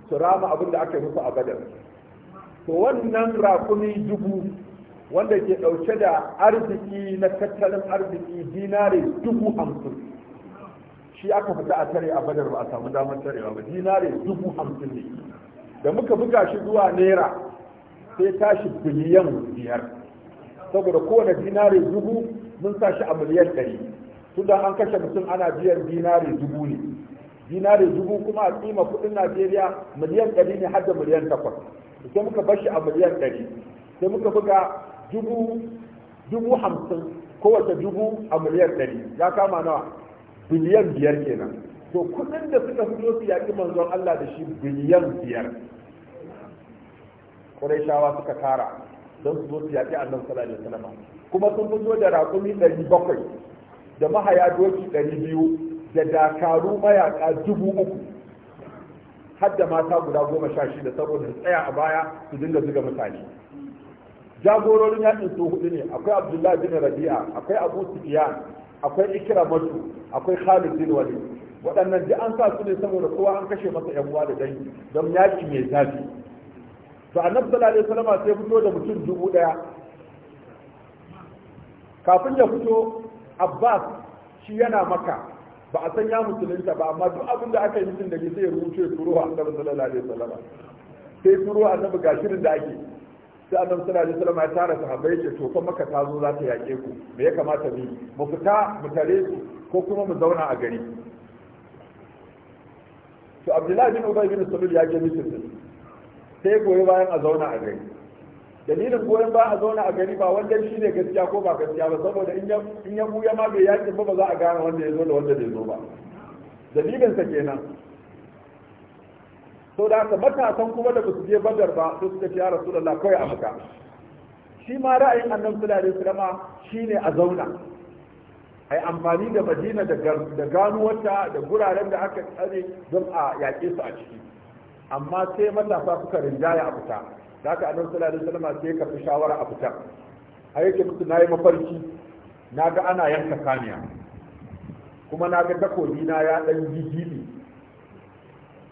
su rama abin da aka yi musu a badar to wannan rakumi dubu wanda ke ɗauke da arziki na tattalin arziki dinare dubu hamsin shi aka fita a tare a badar ba a samu damar tarewa ba dinare dubu hamsin ne da muka buga shi zuwa naira sai tashi biliyan biyar saboda kowane dinare dubu mun sa shi a miliyan ɗari tunda an kashe mutum ana biyan dinari dubu ne dinari dubu kuma a kima kudin najeriya miliyan ɗari ne har da miliyan takwas sai muka bar shi a miliyan ɗari sai muka buga dubu dubu hamsin kowace dubu a miliyan ɗari ya kama nawa biliyan biyar kenan to kudin da suka fito su yaƙi manzon Allah da shi biliyan biyar shawa suka tara don su zo su yaƙi annabi sallallahu alaihi wasallam kuma sun fito da raƙumi ɗari bakwai da mahaya doki ɗari biyu da dakaru mayaka dubu uku har da mata guda goma sha shida saboda tsaya a baya su dinga zuga mutane jagororin yakin su hudu ne akwai abdullahi bin rabi'a akwai abu sufyan akwai ikramatu akwai khalid bin walid waɗannan duk an sa su ne saboda kowa an kashe masa yan uwa da dangi don yaki mai zafi to annabi sallallahu alaihi wasallam sai fito da mutum dubu daya kafin ya fito abbas shi yana maka ba a san ya musulunta ba amma duk abin da aka yi mutum da zai rubuce a annabi sallallahu alaihi wasallam sai turo annabi ga shirin da ake sai annabi sallallahu alaihi wasallam ya tara sahabbai ce to fa maka ta zo za ta yaƙe ku me ya kamata mu mu fita mu tare su ko kuma mu zauna a gari to abdullahi bin ubay bin salul ya je mutum sai goyi bayan a zauna a gari dalilin goyon ba a zauna a gari ba wanda shi ne gaskiya ko ba gaskiya ba saboda in ya buya ma bai yakin ba ba za a gane wanda ya zo da wanda bai zo ba dalilinsa kenan sau da haka matasan kuma da basu je badar ba su suka ce ya rasu da kawai a maka shi ma ra'ayin annan sulare sulama shi ne a zauna a yi amfani da madina da ganuwarta da guraren da aka tsare don a yaƙe su a ciki amma sai matasa suka rinjaya a fita da haka annabi sallallahu alaihi wasallam sai ka fi shawara a fita a yake mutu nayi mafarki naga ana yanka saniya kuma naga takobi na ya dan jijili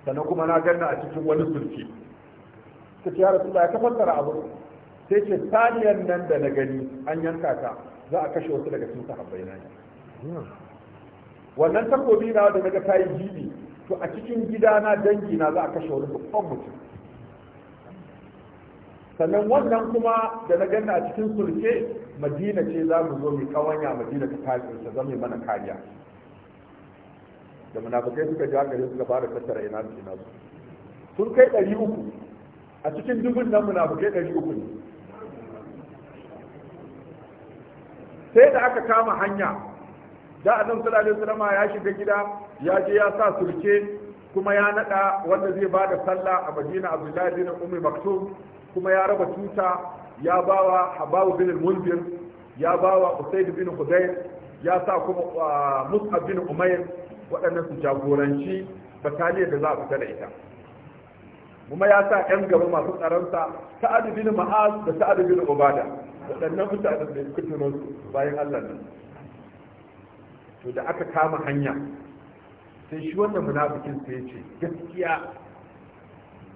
sannan kuma na ganna a cikin wani sulke ta ce ya rasulullahi ya kafantar abu sai ce saniyan nan da na gani an yanka ta za a kashe wasu daga cikin sahabbai na wannan takobi na da naga ta yi jibi to a cikin gidana dangi na za a kashe wani babban mutum sannan wannan kuma da na ganna a cikin sulke madina ce za mu zo mai kawanya madina ta kare ta zama mana kariya da munafikai suka ji haka suka fara tattara ina su ina su sun kai ɗari uku a cikin dubun nan munafikai ɗari uku ne sai da aka kama hanya da annabi sallallahu alaihi wasallam ya shiga gida ya je ya sa sulke kuma ya nada wanda zai bada sallah a Madina Abdullahi bin Ummi Maktum kuma ya raba tuta ya bawa hababu bin al-munzir ya bawa usaid bin hudayr ya sa kuma mus'ab bin umayr waɗannan su jagoranci bataliya da za a fita da ita kuma ya sa ƴan gaba masu tsaronsa sa'ad bin ma'az da sa'ad bin ubada waɗannan mutanen da suka su bayan Allah ne to da aka kama hanya sai shi wannan munafikin sai ya ce gaskiya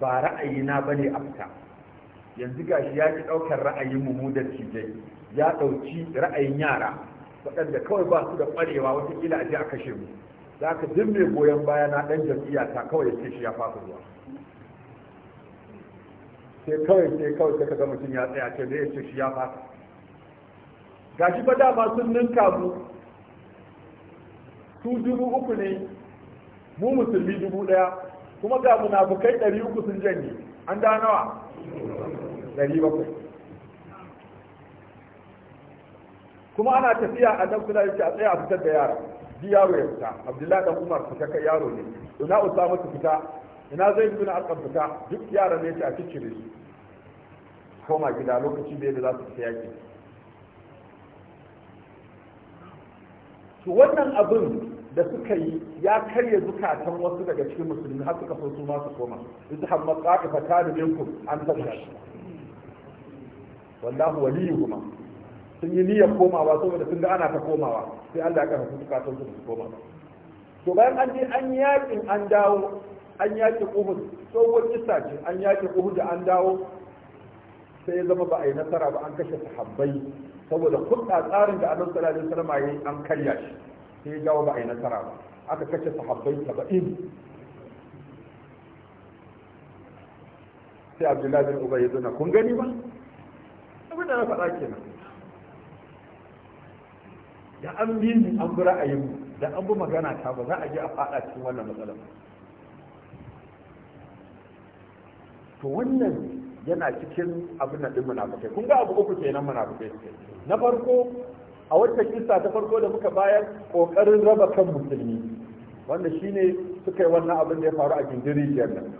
ba ra'ayina bane a fita yanzu gashi ya ki ɗaukar ra'ayin mu da cijai ya ɗauki ra'ayin yara waɗanda kawai ba su da ƙwarewa wata kila aje a kashe mu za ka duk mai goyon baya na ɗan jam'iyya ta kawai ce shi ya fasa zuwa sai kawai sai kawai sai ka ga mutum ya tsaya ce zai ce shi ya fasa gashi fa dama sun ninka mu su dubu uku ne mu musulmi dubu ɗaya kuma ga munafukai ɗari uku sun janye an da nawa 700 kuma ana tafiya a nan kuna yake a tsaye a fitar da yara bi yaro ya fita abdullahi dan umar fita kai yaro ne ina usama su fita ina zai a kan fita duk yaran ne a cikire su koma gida lokaci bai da za su fita yaki to wannan abin da suka yi ya karya zukatan wasu daga cikin musulmi har suka so su ma su koma yuzhamu qaqifatan minkum an tabda wallahu waliyuhuma sun yi niyyar komawa saboda sun ga ana ta komawa sai Allah ya karfafa suka su su koma to bayan an je an yakin an dawo an yaki Uhud tsohon kisa ce an yaki Uhud da an dawo sai ya zama ba a yi nasara ba an kashe sahabbai saboda kudda tsarin da annabi sallallahu alaihi wasallam yayi an karya shi sai ya dawo ba a yi nasara ba aka kashe sahabbai 70 sai Abdullahi bin Ubay ya zo na kun gani ba abin na faɗa kenan da an bi ni an bi ra'ayinmu da an bi magana ta ba za a je a faɗa cikin wannan matsalar to wannan yana cikin abin da ɗin munafukai kun ga abu uku kenan munafukai na farko a wata kisa ta farko da muka bayar ƙoƙarin raba kan musulmi wanda shine suka yi wannan abin da ya faru a gindiri nan.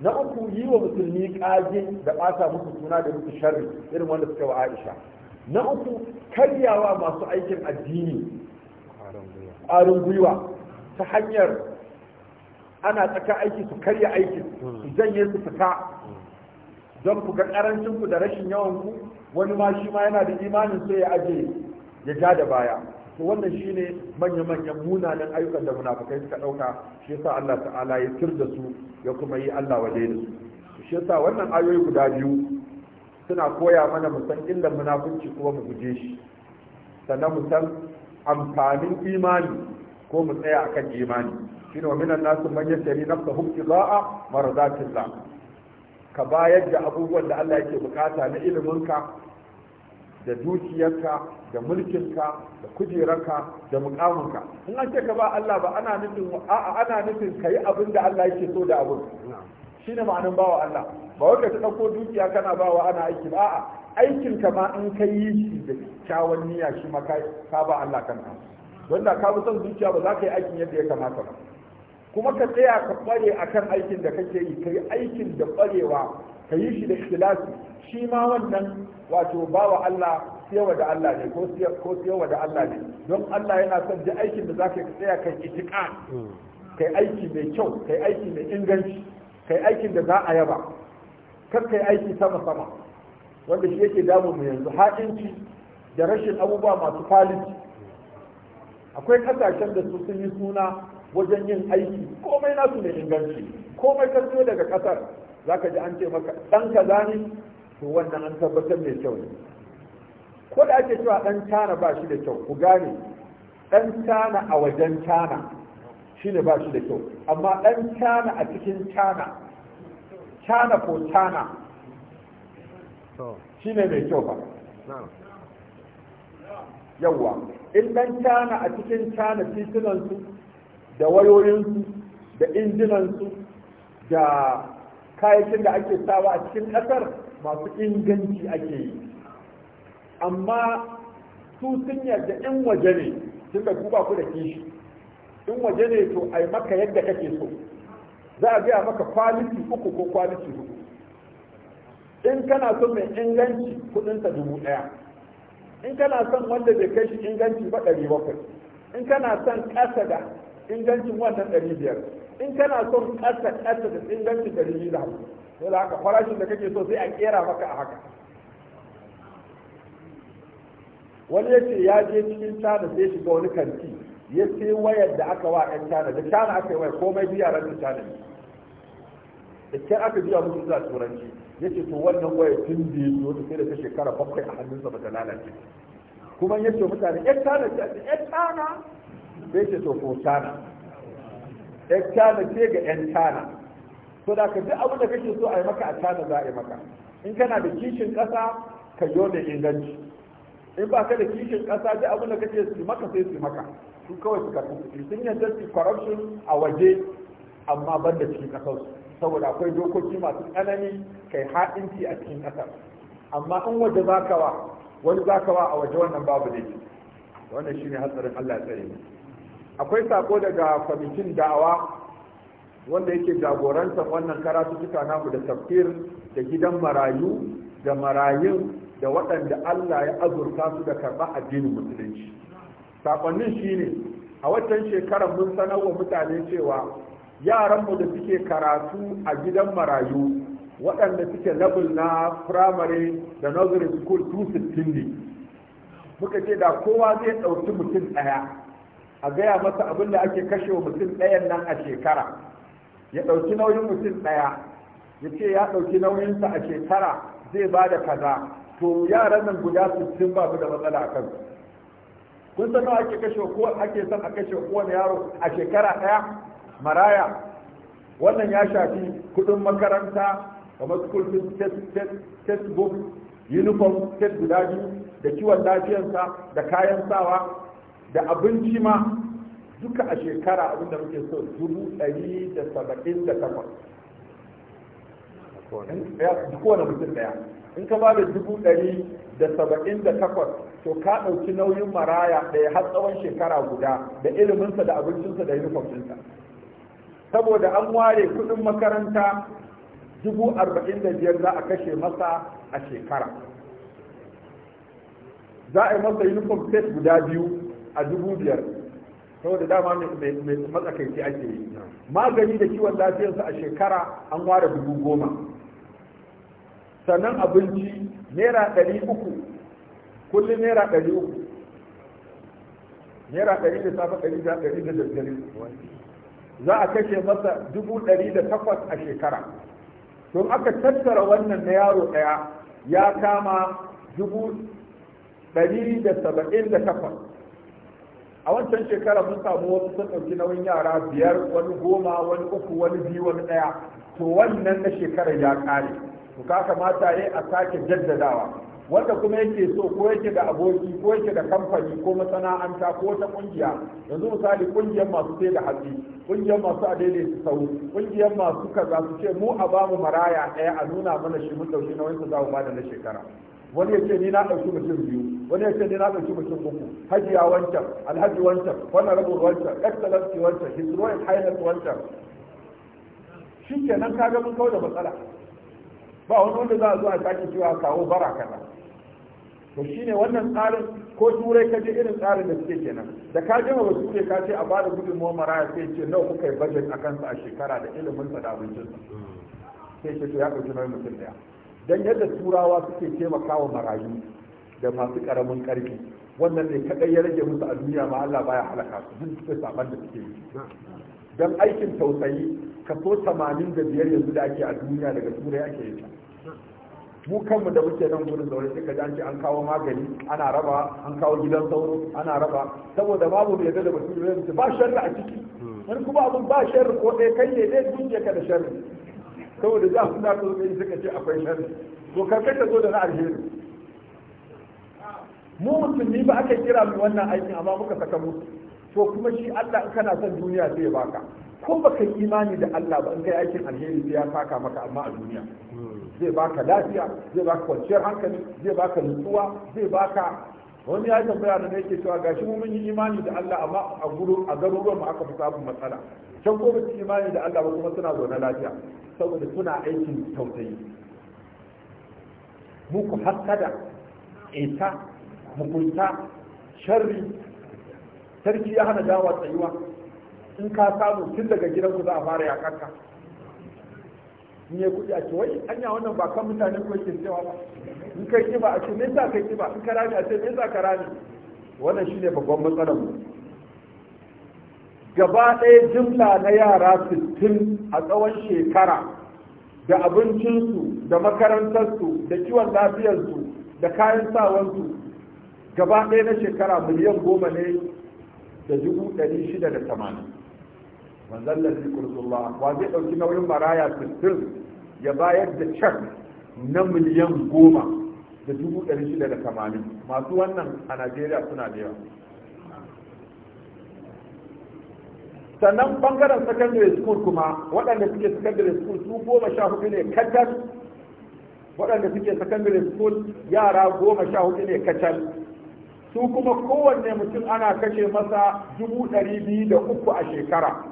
na uku yi wa musulmi ƙage da ɓata musu suna da musu sharri irin wanda suka wa aisha na uku karyawa masu aikin addini ƙwarin gwiwa ta hanyar ana tsaka aiki su karya aiki su janye su fita don ku ga ƙarancinku da rashin yawanku wani ma shi ma yana da imanin sai ya aje ya ja da baya to wannan shine manya-manyan munanan ayyukan da munafikai suka dauka shi yasa Allah ta'ala ya tir da su ya kuma yi Allah waje da su shi yasa wannan ayoyi guda biyu suna koya mana mu san illan munafunci kuma mu guje shi sannan mu san amfanin imani ko mu tsaya akan imani shine wa minan nasu man yashri nafsahu ibtida'a za ka bayar da abubuwan da Allah yake bukata na ilimin ka da dukiyarka da mulkinka da kujerarka da mukaminka in an ce ka ba Allah ba ana nufin a'a ana nufin kai abin da Allah yake so da abin shine ma'anin bawa Allah ba wanda ka dauko dukiya kana bawa ana aiki ba a'a aikin ka ma in kai shi da kyawun niyya shi ma kai ka ba Allah kanka wanda ka bi son zuciya ba za ka yi aikin yadda ya kamata ba kuma ka tsaya ka kware akan aikin da kake yi kai aikin da kwarewa ka yi shi da ikhtilasi shi ma wannan wato bawa Allah siyawa da Allah ne ko siyawa da Allah ne don Allah yana son ji aikin da zaka tsaya kai itika hmm. kai aiki mai kyau kai aiki mai inganci kai aikin da za a yaba kar kai aiki sama sama wanda shi yake damu mu yanzu hakinci da rashin abubuwa masu falici akwai kasashen da su sun yi suna wajen yin aiki komai nasu mai inganci komai kasuwa daga kasar za ka ji an ce maka ɗan kaza ne to wannan an tabbatar mai kyau ne ko da ake cewa ɗan tana ba shi da kyau ku gane ɗan tana a wajen tana shi ne ba shi da kyau amma ɗan tana a cikin tana tana ko tana shi ne mai kyau ba yawwa in ɗan tana a cikin tana titunansu da wayoyinsu da injinansu da kayayyakin da ake sawa a cikin ƙasar masu inganci ake yi amma su sun yarda in waje ne tun da ku ku da kishi in waje ne to ai maka yadda kake so za a biya maka kwaliti uku ko kwaliti hudu in kana son mai inganci kudinsa dubu ɗaya in kana son wanda bai kai shi inganci ba ɗari bakwai in kana son ƙasa da ingancin wannan ɗari biyar in kana son kasa kasa da inganci da rihi da hannu sai da haka farashin da kake so sai a kera maka a haka wani ya ce ya je cikin cana sai shiga wani kanti ya sai wayar da aka wa ɗan cana da cana aka yi waya komai biya ran da cana ne da kyan aka biya musu zuwa turanci ya ce to wannan wayar tun da ya zo sai da ta shekara bakwai a hannunsa ba ta lalace kuma ya ce mutane ƴan cana ce ƴan cana sai ce to ko cana yan cana ce ga yan cana to da ka duk abin da kake so a yi maka a cana za a yi maka in kana da kishin ƙasa ka yi wani inganci in ba ka da kishin ƙasa duk abin da kake su maka sai su maka su kawai su karɓi su sun yadda su corruption a waje amma ban da cikin ƙasar su, saboda akwai dokoki masu tsanani kai haɗinci a cikin ƙasar amma in waje za wa wani za ka wa a waje wannan babu ne wannan shine hatsarin Allah ya tsare mu akwai sako daga kwamitin da'awa wanda yake jagorantar wannan karatu karatuttuka namu da tafsir da gidan marayu da marayun da waɗanda Allah ya azurta su da karɓa addinin musulunci sakonnin ne. a watan shekarar mun sanar wa mutane cewa yaranmu da suke karatu a gidan marayu waɗanda suke level na firamare da nursery school 260 ne muka ce da kowa zai ɗauki mutum ɗaya a gaya masa abin da ake kashe wa mutum ɗayan nan a shekara ya ɗauki nauyin mutum ɗaya ya ce ya ɗauki nauyinsa a shekara zai ba da kaza to yaran nan guda sittin ba da matsala a kansu kun san nawa ake kashe ko ake son a kashe kowane yaro a shekara ɗaya maraya wannan ya shafi kuɗin makaranta kamar school textbook uniform set guda biyu da kiwon lafiyarsa da kayan sawa da abinci ma duka a shekara abinda muke so dubu ɗari da saba'in da takwas kowane mutum ɗaya in ka ba da dubu ɗari da saba'in da takwas to ka ɗauki nauyin maraya ɗaya har tsawon shekara guda da iliminsa da abincinsa da yunifomsinsa saboda an ware kuɗin makaranta dubu arba'in da biyar za a kashe masa a shekara za a yi masa uniform set guda biyu a dubu biyar saboda dama mai matsakaici ake yi magani da kiwon lafiyarsa a shekara an ware dubu goma sannan abinci naira ɗari uku kullum naira ɗari uku naira ɗari da safa ɗari da ɗari da daddare za a kashe masa dubu ɗari da takwas a shekara don aka tattara wannan na yaro ɗaya ya kama dubu ɗari da saba'in da takwas a wancan shekara mun samu wasu sun ɗauki nauyin yara biyar wani goma wani uku wani biyu wani ɗaya to wannan na shekarar ya ƙare to ka kamata ya a sake jaddadawa wanda kuma yake so ko yake da aboki ko yake da kamfani ko masana'anta ko wata ƙungiya. yanzu misali kungiyar masu sai da hatsi kungiyar masu adaidai su sau kungiyar masu kaza su ce mu a bamu maraya ɗaya a nuna mana shi mun ɗauki nauyin su za mu bada na shekara wani ya ce ni na ɗauki mutum biyu wani ya ce ni na ɗauki mutum uku hajiya wancan alhaji wancan wani rabin wancan excellency wancan his royal wancan shi ke nan kaga mun kawo da matsala ba wani wanda za a zo a sake cewa kawo bara kaza to shine wannan tsarin ko turai ka je irin tsarin da suke kenan da ka je ba su ka ce a bada gudunmuwar maraya sai ce nawa kuka yi budget a kansa a shekara da ilimin sa da abincin sai ce to ya ɗauki nauyin mutum daya don yadda turawa suke taimakawa marayu da masu karamin karfi wannan ne kadai ya rage musu a duniya ma Allah baya halaka su duk suke saban da suke yi don aikin tausayi kaso 85 yanzu da ake a duniya daga turai ake yi mu kanmu da muke nan gurin zaune sai kaji an ce an kawo magani ana raba an kawo gidan sauro ana raba saboda babu mai da mutum ya ba sharri a ciki wani hmm. kuma abin ba sharri ko ɗaya kai ne dai gunje ka da sharri saboda za su na zo kai suka ce akwai sharri to karkar ta zo da na alheri mu musulmi ba aka kira mu wannan aikin amma muka saka mu to kuma shi Allah in kana son duniya zai baka ko baka yi imani da Allah ba in kai aikin alheri sai ya taka maka amma a duniya zai baka lafiya zai baka kwanciyar hankali zai baka nutsuwa zai baka wani ya tambaya da nake cewa gashi mun yi imani da Allah amma a gurin a garuruwan mu aka fi samun matsala can ko yi imani da Allah ba kuma suna zaune lafiya saboda suna aikin tausayi muku hakkada ita mugunta sharri sarki ya hana dawa tsayuwa in ka samu tun daga gidanku za a fara yakanka in ya kuɗi a ce wai anya wannan ba kan mutane ko yake cewa ba in kai kiba a ce me yasa kai kiba in ka rami a ce me yasa ka rami wannan shine babban matsalar mu gaba ɗaya jimla na yara 60 a tsawon shekara da abincinsu da makarantarsu da kiwon lafiyarsu da kayan sawansu gaba ɗaya na shekara miliyan goma ne da dubu ɗari shida da tamanin manzan lalzi kursullah wa zai ɗauki nauyin maraya sittin ya bayar da cak na miliyan goma da dubu ɗari shida da tamanin masu wannan a najeriya suna da yawa sannan bangaren secondary school kuma waɗanda suke secondary school su goma sha hudu ne kacal waɗanda suke secondary school yara goma sha hudu ne kacal su kuma kowanne mutum ana kashe masa dubu ɗari biyu da uku a shekara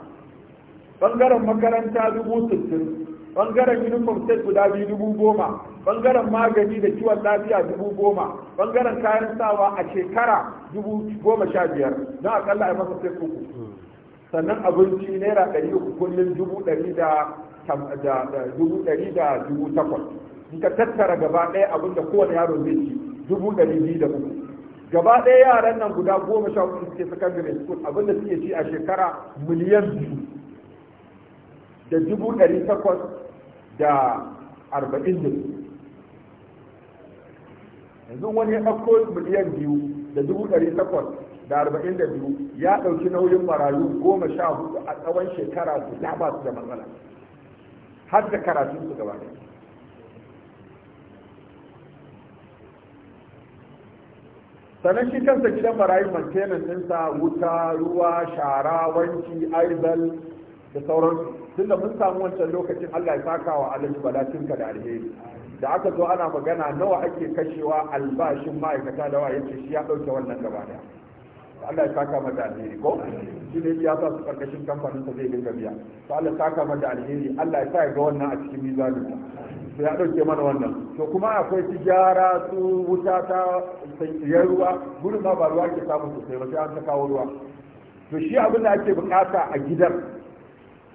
bangaren makaranta dubu sittin bangaren uniform set guda biyu dubu goma bangaren magani da kiwon lafiya dubu goma bangaren kayan sawa a shekara dubu goma sha biyar don akalla a masa set uku sannan abinci naira ɗari uku kullum dubu ɗari da dubu ɗari da dubu takwas in ka tattara gaba ɗaya abin da kowane yaro zai ci dubu ɗari biyu da uku gaba ɗaya yaran nan guda goma sha uku suke secondary school abin da suke ci a shekara miliyan biyu da dubu ɗari takwas da arba'in da yanzu wani ya ɗauko miliyan biyu da dubu ɗari takwas da arba'in da biyu ya ɗauki nauyin marayu goma sha hudu a tsawon shekara ta ba su da matsala har da karatun su gaba sannan shi kansa gidan marayu maintenance ɗinsa wuta ruwa shara wanki aizal da sauransu tunda mun samu wancan lokacin Allah ya saka wa alhaji ka da alheri da aka zo ana magana nawa ake kashewa albashin ma'aikata da waye ce shi ya dauke wannan gaba daya Allah ya saka mata alheri ko shi ne ya sa su karkashin kamfanin sa zai dinga biya to Allah ya saka mata alheri Allah ya sa ga wannan a cikin mizanin sai ya dauke mana wannan to kuma akwai tijara su wuta ta sanyiyar ruwa gurin ba ruwa ke samu sosai ba sai an ta ruwa to shi abin da ake bukata a gidan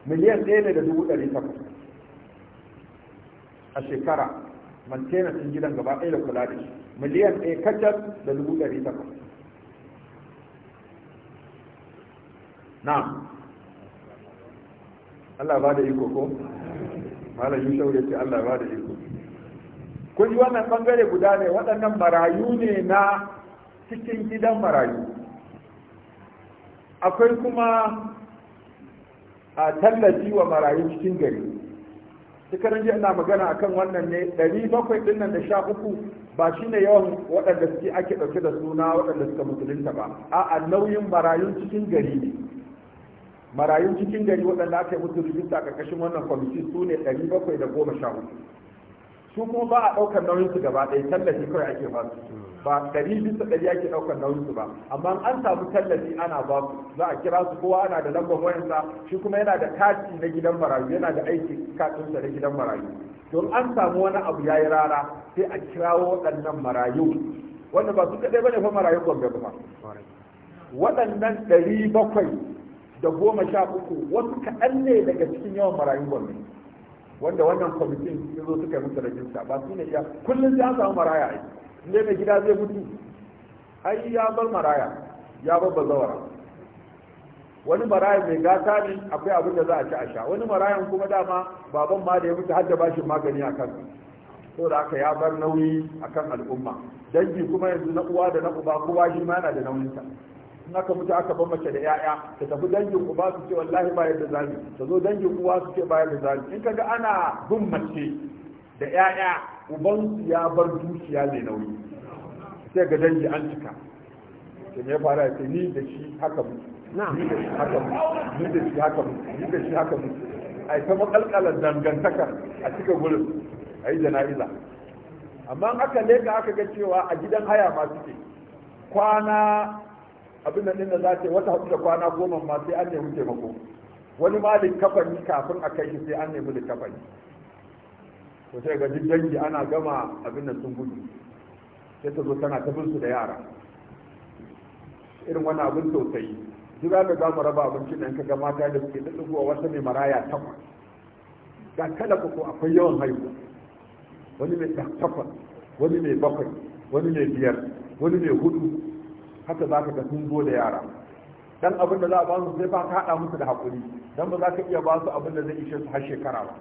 miliyan ɗaya ne da dubu ɗari takwas a shekara mantenansin gidan gaba ɗaya da kula da shi miliyan ɗaya kacal da dubu ɗari takwas na. Allah ba da iko ko malam Yusuf ya ce Allah ba da iko kun ji wannan bangare guda ne waɗannan marayu ne na cikin gidan marayu akwai kuma a tallafi wa marayu cikin gari shekaran jiya ina magana akan wannan ne ɗari bakwai ɗin nan da sha uku ba shine yawan waɗanda suke ake ɗauke da suna waɗanda suka musulunta ba a'a nauyin marayun cikin gari ne marayun cikin gari waɗanda aka yi musu ƙarƙashin wannan kwamiti sune ne ɗari bakwai da goma sha uku su kuma ba a ɗaukar nauyin su gaba ɗaya tallafi kawai ake ba su ba ɗari bisa ɗari ake ɗaukar nauyin su ba amma an samu tallafi ana ba su za a kira su kowa ana da lambar wayansa shi kuma yana da kati na gidan marayu yana da aiki sa na gidan marayu don an samu wani abu yayi yi rara sai a kirawo waɗannan marayu wanda ba su kaɗai ba fa marayu gombe ba waɗannan ɗari bakwai da goma sha uku wasu kaɗan ne daga cikin yawan marayu gombe wanda wannan kwamitin ya zo suka yi musu rajista ba su ne iya kullum sai an samu maraya ai inda mai gida zai mutu ai ya bar maraya ya bar bazawara wani maraya mai gata ne akwai abin da za a ci a sha wani marayan kuma dama baban ma da ya mutu har da bashin magani a so da aka ya bar nauyi akan al'umma dangi kuma yanzu na uwa da na uba kowa shi ma yana da nauyinsa in aka mutu aka bar mace da yaya ta tafi dangin uba su ce wallahi ba yadda zabi ta zo dangin uwa su ce ba yadda zabi in kaga ana bin mace da yaya uban su ya bar dukiya mai nauyi sai ga dangi an cika ke me ya fara ya ce ni da shi haka mu ni da shi haka mu ni da shi haka mu ni da shi haka mu ai ta makalkalar dangantaka a cika gurin ai jana'iza amma aka leka aka ga cewa a gidan haya ma suke kwana abin nan din da za wata hudu da kwana goma ma sai an nemi taimako wani ma likafani kafin a kai shi sai an nemi likafani to sai ga dangi ana gama abin da sun gudu sai ta zo tana ta bin su da yara irin wani abin sosai duk da za mu raba abincin nan kaga mata da suke ɗaɗɗugowa wata mai maraya takwas ga kala ko akwai yawan haihu wani mai takwas wani mai bakwai wani mai biyar wani mai hudu haka za ka sun zo da yara dan abin da za a ba su zai ba ka haɗa musu da haƙuri dan ba za ka iya ba su abin da zai ishe su har shekara ba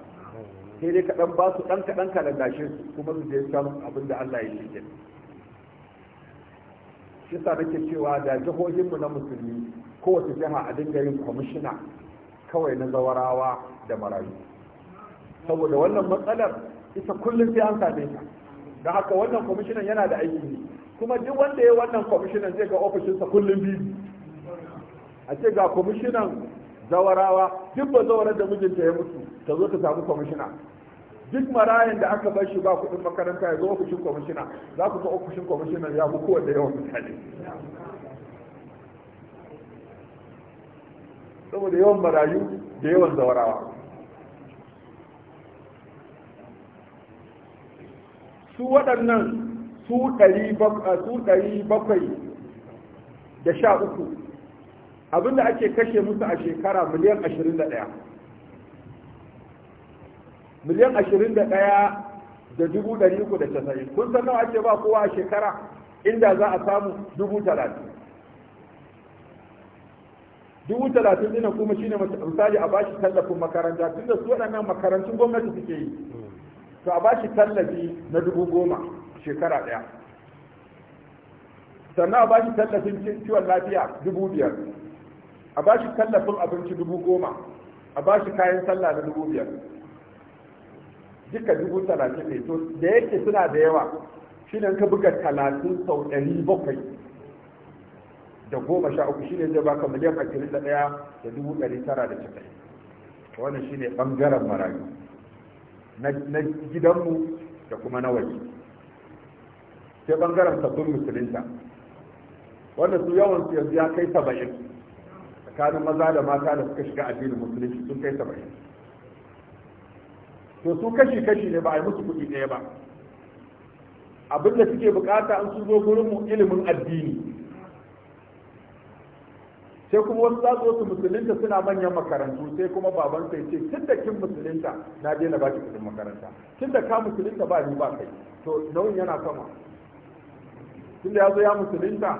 sai dai kaɗan ba su ɗan kaɗan ka lallashe su kuma su je san abin da Allah ya yi shi sa nake cewa da jihohinmu na musulmi kowace jiha a dinga yin kwamishina kawai na zawarawa da marayu saboda wannan matsalar ita kullum sai an same ta da haka wannan kwamishinan yana da aiki ne kuma duk wanda ya wannan kwamishinan zai ga ofishinsa kullum biyu a ce ga kwamishinan zawarawa duk ba zawarar da mijinta ya mutu ta zo ta samu kwamishina duk marayan da aka bar shi ba kuɗin makaranta ya zo ofishin kwamishina za ku ga ofishin kwamishinan ya fi kowanne yawan mutane saboda yawan marayu da yawan zawarawa su waɗannan su ɗari bakwai da sha uku abinda ake kashe musu a shekara miliyan ashirin da ɗaya miliyan ashirin da ɗaya da dubu ɗari uku da kun san nawa ake ba kowa a shekara inda za a samu dubu talatin dubu talatin dinan kuma shine misali a bashi tallafin makaranta tunda su waɗannan makarantun gwamnati suke yi to a bashi tallafi na dubu goma shekara ɗaya sannan a ba shi tallafin kiwon lafiya dubu biyar a ba shi tallafin abinci dubu goma a ba shi kayan sallah da dubu biyar duka dubu talatin ne to da yake suna da yawa shi ne ka buga talatin sau ɗari bakwai da goma sha uku shi ne zai baka miliyan ashirin da ɗaya da dubu ɗari tara da casa'in wannan shi ne ɓangaren marayu na gidanmu da kuma na waje sai bangaren sabbin musulunta wanda su yawan su yanzu ya kai saba'in tsakanin maza da mata da suka shiga addinin musulunci sun kai saba'in to su kashi kashi ne ba a yi musu kuɗi ɗaya ba abin da suke bukata an su zo gurin mu ilimin addini sai kuma wasu za su musulunta suna manyan makarantu sai kuma baban sai ce tun da kin musulunta na daina ba ki kuɗin makaranta tun da ka musulunta ba ni ba kai to nauyin yana sama tunda ya zo ya musulunta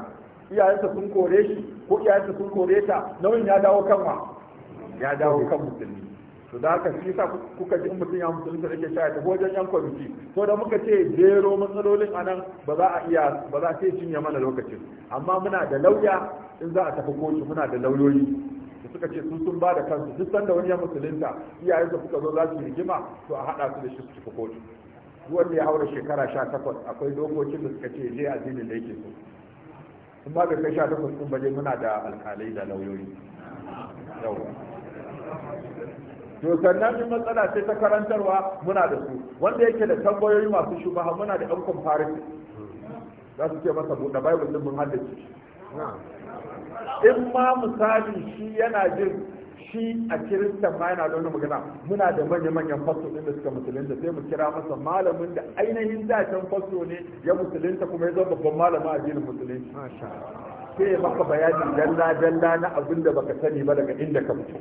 iyayensa sun kore shi ko iyayensa sun kore ta nauyin ya dawo kan wa ya dawo kan musulmi to da haka shi sa kuka ji mutum ya musulunta da ke shaya ta wajen yan kwamiti to da muka ce zero matsalolin a nan ba za a iya ba za sai cinye mana lokacin amma muna da lauya in za a tafi kotu muna da lauyoyi da suka ce sun sun ba da kansu duk sanda wani ya musulunta iyayensa suka zo za su rigima to a haɗa su da shi su tafi kotu wanda ya haura shekara sha takwas akwai dokokin da suka ce je addinin da yake so in ba ka kai sha takwas kun baje muna da alkalai da lauyoyi Yau. to sannan matsala sai ta karantarwa muna da su wanda yake da tambayoyi masu shubaha muna da ɗan comparison za su ce masa buɗe bible din mun haddace in ma misali shi yana jin shi a kiristan ma yana da magana muna da manya-manyan fasto ɗin da suka musulunta sai mu kira masa malamin da ainihin dacen fasto ne ya musulunta kuma ya zama babban malamin addinin musulunci sai ya maka bayani dalla-dalla na abin da baka sani ba daga inda ka fito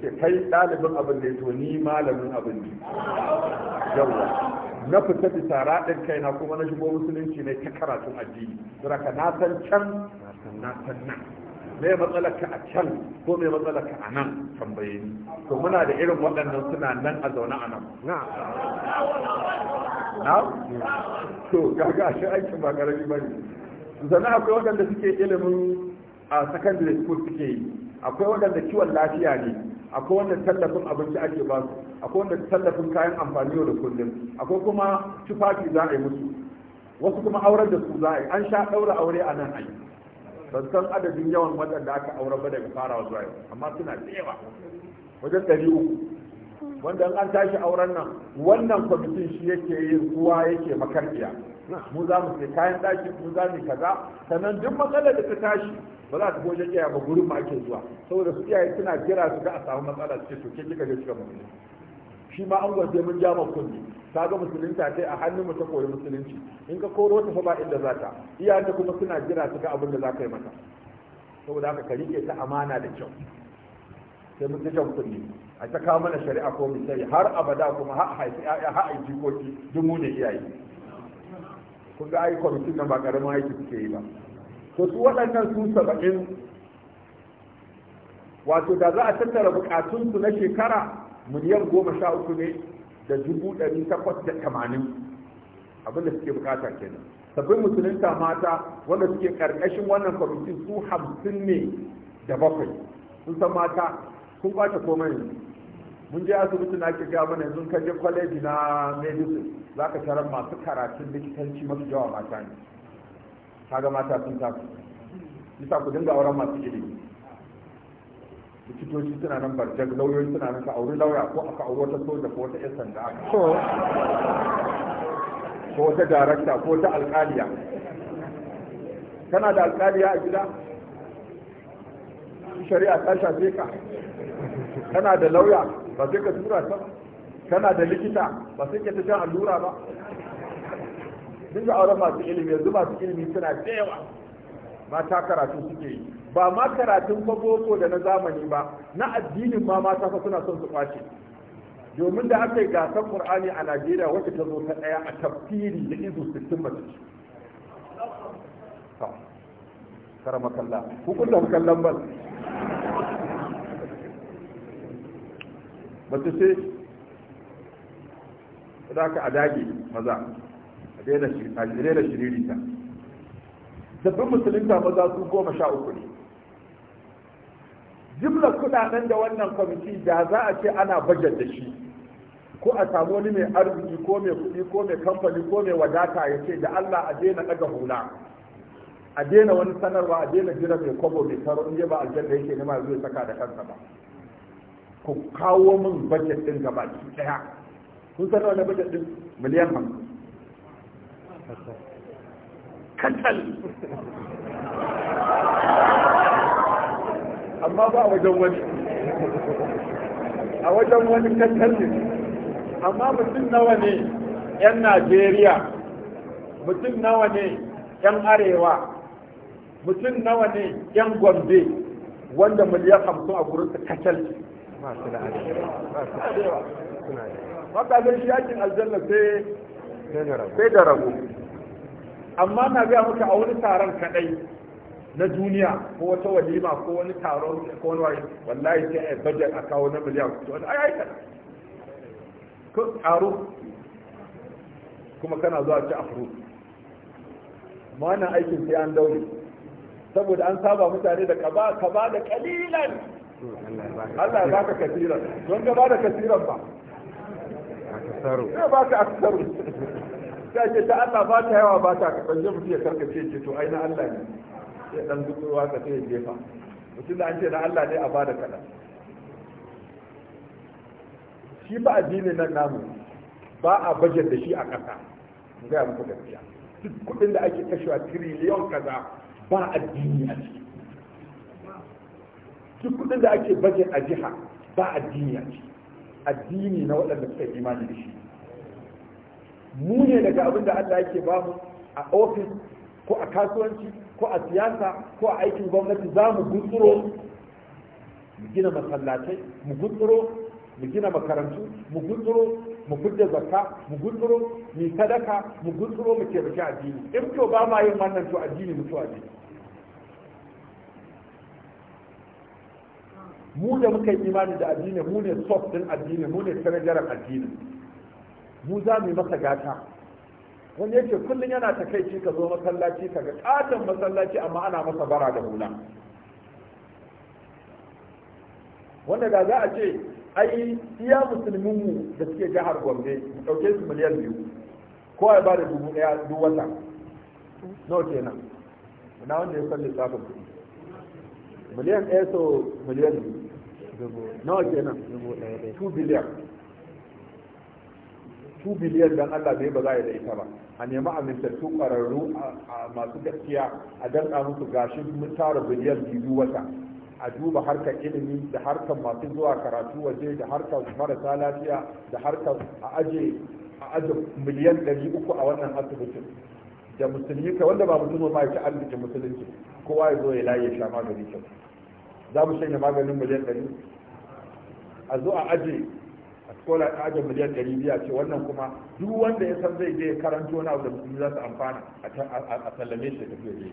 ce kai ɗalibin abin da ya to ni malamin abin ne yawa na fita bisa kai kaina kuma na shigo musulunci ne ta karatun addini saboda na san can na san nan me matsalarka a can ko me matsalarka a nan tambaye ni to muna da irin waɗannan suna nan a zaune a nan na to ga shi aikin ba karami ba ne zana akwai waɗanda suke ilimin a secondary school suke yi akwai waɗanda kiwon lafiya ne akwai wanda tallafin abinci ake ba su akwai wanda tallafin kayan amfani yau da kullum akwai kuma tufafi za a yi musu wasu kuma auren da su za a yi an sha ɗaura aure a nan a yi ban san adadin yawan da aka aure ba daga farawa zuwa yau amma suna da yawa wajen ɗari uku wanda an tashi auren nan wannan kwamitin shi yake yin uwa yake makarfiya mu za mu sai kayan ɗaki mu za mu kaza sannan duk matsalar da ta tashi ba za su goje iyaye ba gurin ma ake zuwa saboda su iyaye suna jira su ga a samu matsala su ce to ke kika je kika mutu shi ma an gwaje mun ja ma kunni ka ga musulunta ta a hannun mu ta koyi musulunci in ka koro ta fa ba inda za ta iyayenta kuma suna jira su ga abin da za ka yi mata saboda haka ka rike ta amana da kyau sai mun ta jan kuɗi a ta kawo mana shari'a ko mu sai har abada kuma ha haifi ha aiki ko duk mu ne iyaye kun ga ai kwamitin nan ba karamin aiki suke yi ba to su waɗannan su saba'in wato da za a tattara bukatunsu na shekara miliyan goma sha uku ne da dubu ɗari takwas da tamanin abin da suke bukata kenan sabbin musulunta mata wanda suke karkashin wannan kwamiti su hamsin ne da bakwai sun san mata kun kwace komai mun je asibiti na kirga mana yanzu ka je kwaleji na medicine za ka tarar masu karatun likitanci mafi jawa mata ne kaga mata sun tafi bisa ku dinga auren masu ilimi likitoci suna nan barjak lauyoyi suna nan ka auri lauya ko aka auri wata soja ko wata 'yan da aka ko wata darakta ko wata alkaliya kana da alkaliya a gida shari'a ta shafe ka kana da lauya ba sai ka tura ta ba kana da likita ba sai ka ta allura ba duk da auren masu ilimi yanzu masu ilimi suna da yawa mata karatu suke yi ba ma karatun fa boko da na zamani ba na addinin ma mata fa suna son su kwace domin da aka yi gasar qur'ani a Najeriya wacce ta zo ta daya a tafsiri da izu 60 mace kara makalla hukunta makallan bal mace ce za ka a dage maza a daina shiririta sabbin musulunta maza su goma sha uku ne jimlar kudaden da wannan kwamiti da za a ce ana bajet da shi ko a samu wani mai arziki ko mai kuɗi ko mai kamfani ko mai wadata ya ce da Allah a daina ɗaga hula a daina wani sanarwa a daina jira mai kwabo mai taro in ba aljanna yake nema zai saka da kansa ba ku kawo min bajet ɗin gaba ɗaya kun sanarwa na bajet ɗin miliyan hamsin katal amma ba a wajen wani a wajen wani kankanin amma mutum nawa ne 'yan najeriya mutum nawa ne 'yan arewa mutum nawa ne 'yan gombe wanda miliyan hamsin a gurin su kacal maka zai shi yakin aljanna sai da rabu amma na biya muka a wani taron kadai na duniya ko wata walima ko wani taron ko wani wani wallahi sai a bajar a kawo na miliyan to wani ayi, aikata ko taro kuma kana zuwa ci afro amma wannan aikin sai an daure saboda an saba mutane da kaba kaba da kalilan Allah ya baka kasiran don gaba da kasiran ba aksaru sai baka aksaru sai ce ta Allah ba ta yawa ba ta kasan mutum ya karkace ce to aina Allah ne sai dan gutsuwa ka sai jefa mutum da an ce na Allah ne a bada kaɗan shi ba addini nan namu ba a bajet da shi a ƙasa mu gaya muku gaskiya duk kuɗin da ake kashewa tiriliyon kaza ba addini a ciki duk kuɗin da ake baje a jiha ba addini a ciki addini na waɗanda suka imani da shi mu ne daga abin da Allah yake bamu a ofis ko a kasuwanci ko a siyasa ko a aikin gwamnati za mu gutsuro mu gina masallatai mu gutsuro mu gina makarantu mu gutsuro mu fidda zakka mu gutsuro mu sadaka mu gutsuro mu taimaki addini in to ba ma yin wannan to addini to addini. mu da muka yi imani da addini mu ne soft din addini mu ne sanadaran addini mu za mu yi masa gata wani yake kullum yana ta takaici ka zo masallaci ka ga katon masallaci amma ana masa bara da hula wanda ga za a ce ai iya musulmin mu da suke jihar gombe dauke su miliyan biyu ko ya da dubu daya duk wata nawa kenan na wanda ya san lissafin kuɗi miliyan ɗaya so miliyan biyu nawa kenan 2 biliyan su biliyan dan Allah bai ba za a yi da ita ba a nemi amintattu ƙwararru masu gaskiya a danka musu gashi mun tara biliyan biyu wata a duba harkar ilimi da harkar masu zuwa karatu waje da harkar marasa lafiya da harkar a aje a aje miliyan 300 a wannan asibitin da musulmi ka wanda ba musulmi ma yake arziki musulunci kowa ya zo ya layi ya sha magani kyau za mu shanya maganin miliyan ɗari a zo a aje a skola ta ajiye miliyan ɗari a ce wannan kuma duk wanda ya san zai je karanto na da musulmi za su amfana a sallame shi da fiye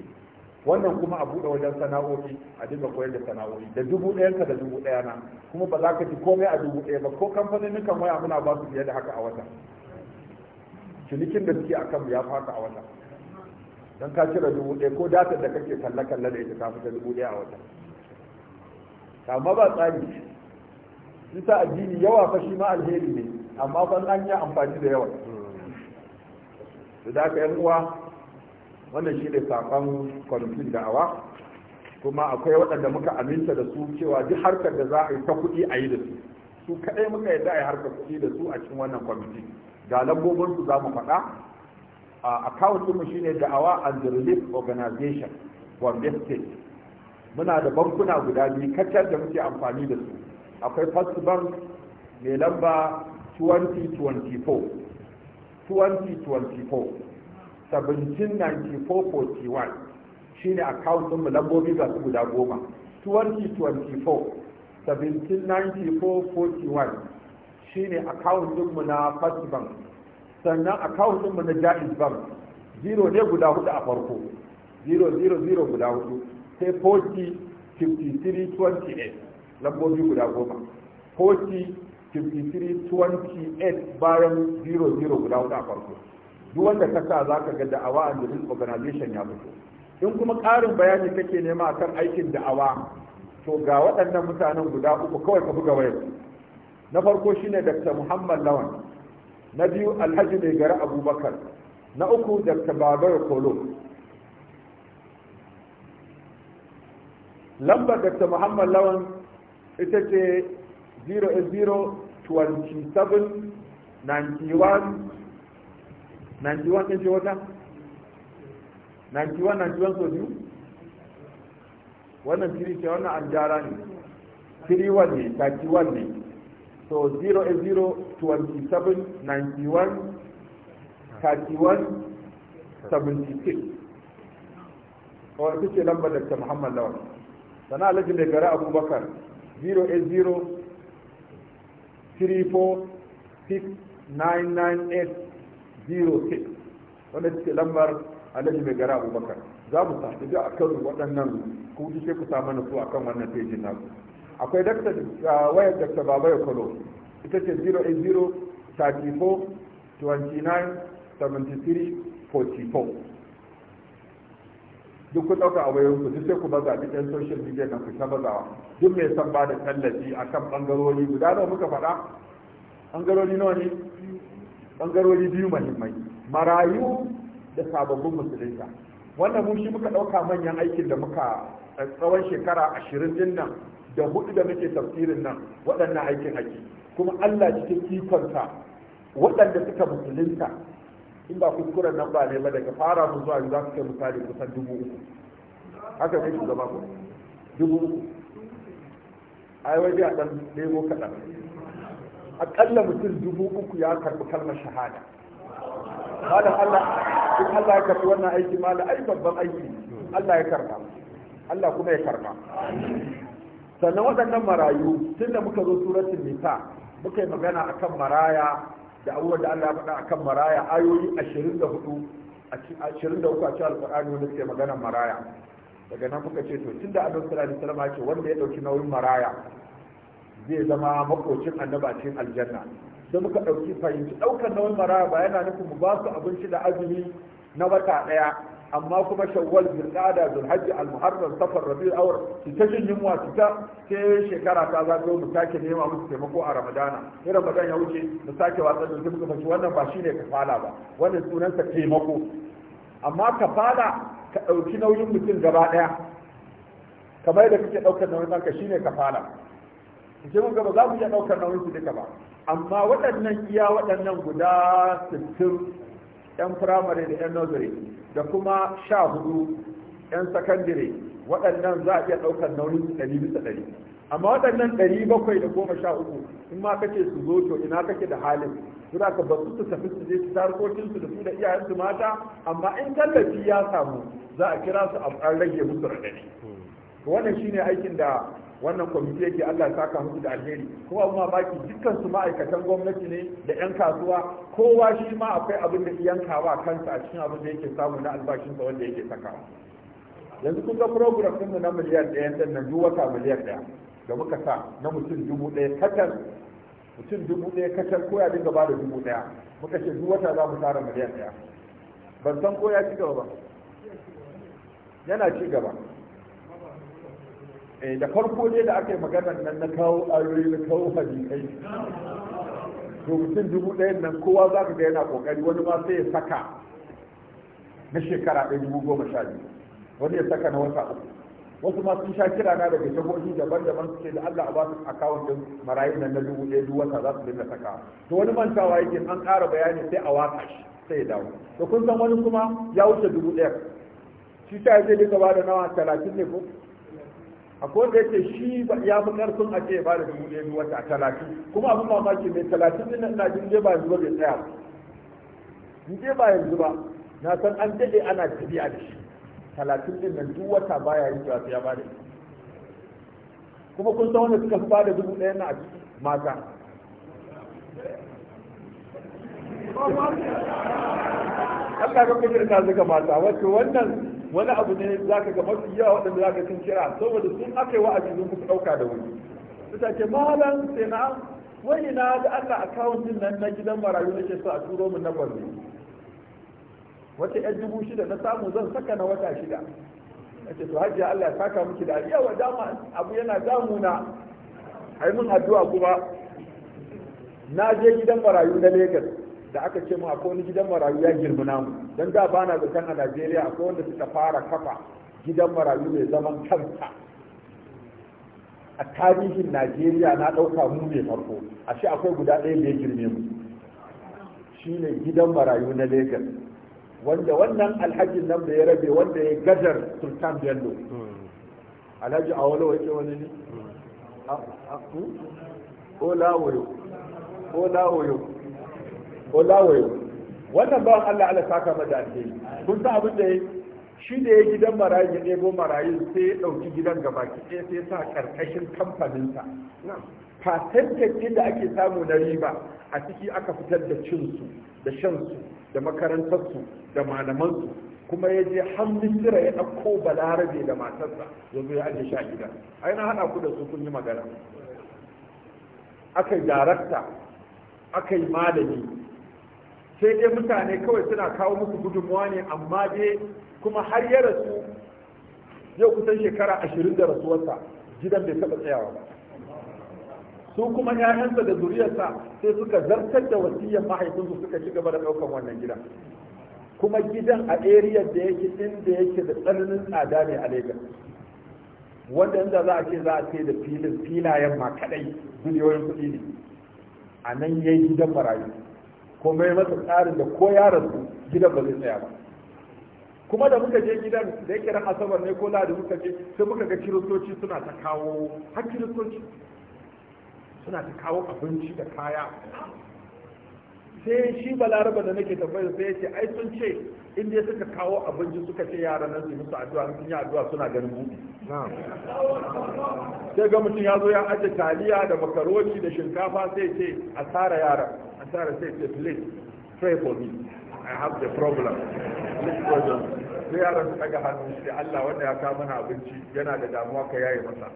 wannan kuma a buɗe wajen sana'o'i a dinga koyar da sana'o'i da dubu ka da dubu ɗaya na kuma ba za ka ji komai a dubu ɗaya ba ko kamfanin kan waya muna ba su fiye da haka a wata cinikin da suke a kanmu ya haka a wata don ka cire dubu ɗaya ko datar da kake kalle-kalle da ita ta fita dubu ɗaya a wata amma ba tsari ita addini yawa fa shi ma alheri ne amma ban an yi amfani da yawa da ka yan uwa wannan shi ne sakon kwamitin da'awa kuma akwai waɗanda muka aminta da su cewa duk harkar da za a yi ta kuɗi a yi da su su kaɗai muka yadda a yi harkar kuɗi da su a cikin wannan kwamiti ga lambobin su za mu faɗa a account mu shine awa and the relief organization gombe state muna da bankuna guda biyu kacal da muke amfani da su akwai first bank mai lamba 2024 2024 1794 ne account mu lambobi ga su guda goma 2024 1794 ne account mu na first bank sannan account mu na jaiz bank 0 ne guda hudu a farko 000 guda hudu sai 40 53 28 lambobi guda goma 40 53 28 bayan 00 guda wuta a farko duk wanda ka sa za ka ga da'awa a jirgin organization ya fito in kuma ƙarin bayani kake nema akan aikin da'awa to ga waɗannan mutanen guda uku kawai ka buga wayar na farko shine dr muhammad lawan na biyu alhaji mai gari abubakar na uku dr babar kolo lambar dr muhammad lawan ita ce 0802791 91 ɗin ce wata 91 91 so biyu wannan tiri ce wannan an jara ne tiri ne 31 ne so 08027 91 31 76 wadda ce lambar da ta muhammad lawan sana alhaji mai gari abubakar 080 34699806 wanda suke lambar alhaji mai gara abubakar za mu tafi a kan waɗannan kuma sai ku samu nasu a kan wannan pejin nasu akwai wayar dakta baba ya kwalo ita ce 080 34 29 73 duk ku ɗauka a wayoyinku duk sai ku baza duk 'yan social media na ku ta bazawa duk mai san ba da tallafi a kan ɓangarori guda da muka faɗa ɓangarori nawa ne ɓangarori biyu mahimmai marayu da sababbin musulunta wannan mun shi muka ɗauka manyan aikin da muka eh, tsawon shekara ashirin din nan da hudu da muke tafsirin nan waɗannan aikin ake kuma allah cikin ikonta waɗanda suka musulunta in ba kuskuren nan ba ne ba daga fara mu zuwa za su kai misali kusan dubu uku haka kai shugaba ku dubu uku ai waje a ɗan nemo kaɗan aƙalla mutum dubu uku ya karɓi kalmar shahada malam Allah in Allah ya karɓi wannan aiki malam ai babban aiki Allah ya karɓa Allah kuma ya karɓa sannan waɗannan marayu tun da muka zo suratul nisa muka yi magana akan maraya da abubuwan da Allah ya faɗa akan maraya ayoyi 24 23 a cikin alƙur'ani wanda suke magana maraya daga nan muka ce to tunda annabi sallallahu alaihi wasallam ce wanda ya dauki nauyin maraya zai zama makocin annaba aljanna sai muka dauki fahimci daukar nauyin maraya ba yana nufin mu ba su abinci da azumi na wata daya amma kuma shawwal zulqa'da zulhajji almuharram safar rabi awwal su ta jin yunwa su ta sai shekara ta zagayo mu take nema musu taimako a ramadana Sai ramadan ya wuce mu sake watsar da muka fashi wannan ba shine kafala ba wannan sunan sunansa taimako amma kafala ka ɗauki nauyin mutum gaba ɗaya kamar da kake ɗaukar nauyin ɗanka ka kafala ce mun gaba za mu iya ɗaukar nauyin su duka ba amma waɗannan iya waɗannan guda sittin yan firamare da yan nursery da kuma sha hudu yan sakandire waɗannan za a iya ɗaukar nauyin ɗari bisa ɗari amma waɗannan ɗari bakwai da goma sha uku in ma kake su zo to ina kake da halin su da ka basu su tafi su je su tarkokin su da su da iyayen su mata amma in tallafi ya samu za a kira su a rage musu radadi wannan shine aikin da wannan kwamiti yake Allah ya saka musu da alheri kuma kuma baki dukkan su ma'aikatan gwamnati ne da yan kasuwa kowa shi ma akwai abin da yankawa kansa a cikin abin da yake samu na albashin sa wanda yake sakawa yanzu kun ga program ɗin na miliyan ɗaya nan duk wata miliyan ɗaya da muka sa na mutum dubu ɗaya katal mutum dubu ɗaya kacal ko ya dinga ba da dubu ɗaya muka ce duk wata za mu tara miliyan ɗaya ban san ko ya ci gaba ba yana ci gaba eh da farko ne da aka yi maganar nan na kawo ayoyi na kawo hadisai to mutum dubu ɗayan nan kowa za ka ga yana kokari wani ma sai ya saka na shekara ɗaya dubu goma sha biyu wani ya saka na wata uku wasu ma sun sha kira na daga jihohi daban-daban suke da Allah a ba su akawun din marayun nan na dubu ɗaya duk wata za su dinga saka to wani mantawa yake an ƙara bayani sai a waka shi sai ya dawo to kun san wani kuma ya wuce dubu ɗaya shi ta zai dinga ba da nawa talatin ne ko akwai da yake shi ya fi karfin a ce ba da dubu ɗaya duk wata talatin kuma abin mamaki ne talatin din nan na jin ba yanzu ba zai tsaya ba in ba yanzu ba na san an daɗe ana tafiya da shi talatin din nan duk wata baya yin cewa ya bada ita kuma kun san wanda suka bada dubu ɗaya na a ciki mata Allah ka kudin ta zuka mata wato wannan wani abu ne za ka gama su yawa waɗanda za ka sun kira saboda sun aka yi wa'azi sun kuka ɗauka da wuri su ta ce malam sai na wani na ga Allah akawun nan na gidan marayu nake so a turo mu na gwanzu wata yan dubu shida na samu zan saka na wata shida nace to hajji Allah ya saka miki da yawa dama abu yana damuna ai mun addu'a kuma na je gidan marayu na Lagos da aka ce mu akwai wani gidan marayu ya girma namu dan da bana zaton a Najeriya akwai wanda suka fara kafa gidan marayu mai zaman kanta. a tarihin Najeriya na ɗauka mu ne farko ashe akwai guda ɗaya da ya girme mu shine gidan marayu na Lagos wanda wannan alhajin nan da ya rabe wanda ya gadar sultan bello alhaji a wani yake wani ne olawoyo ko olawoyo wannan bawan allah ala saka mada ake kun sa abin da ya shi da ya gidan marayu ya ɗebo marayu sai ya ɗauki gidan gaba ɗaya sai ya sa ƙarƙashin kamfaninsa ke da ake samu na riba a ciki aka fitar da cinsu da shansu da makarantarsu da malamansu kuma ya je har misira ya ɗauko balarabe da matarsa ya zo ya ajiye shi a gida ai na haɗa ku da su kun yi magana aka yi darakta aka yi malami sai dai mutane kawai suna kawo musu gudunmuwa ne amma dai kuma har ya rasu yau kusan shekara ashirin da rasuwarsa gidan bai taɓa tsayawa ba su kuma 'ya'yansa da zuriyarsa sai suka zartar da wasiyyar mahaifinsu suka ci gaba da ɗaukan wannan gida kuma gidan a area da yake inda yake da tsananin tsada ne a Lagos wanda inda za a ce za a sai da filin filayen ma kadai miliyoyin kuɗi ne a nan ya yi gidan marayu kuma ya masa tsarin da ko yaran su gidan ba zai tsaya ba kuma da muka je gidan da yake ran asabar ne ko ladi muka je sai muka ga kiristoci suna ta kawo har kiristoci suna ta kawo abinci da kaya sai shi balaraba da nake tafiya sai ya ce ai sun ce in dai suka kawo abinci suka ce yara nan su musu addu'a sun yi addu'a suna ganin mu. sai ga mutum ya zo ya aje taliya da makaroni da shinkafa sai ce a tsara yaran a tsara sai ce please pray for me i have the problem sai yaran su daga hannu sai Allah wanda ya kawo mana abinci yana da damuwa ka yaye masa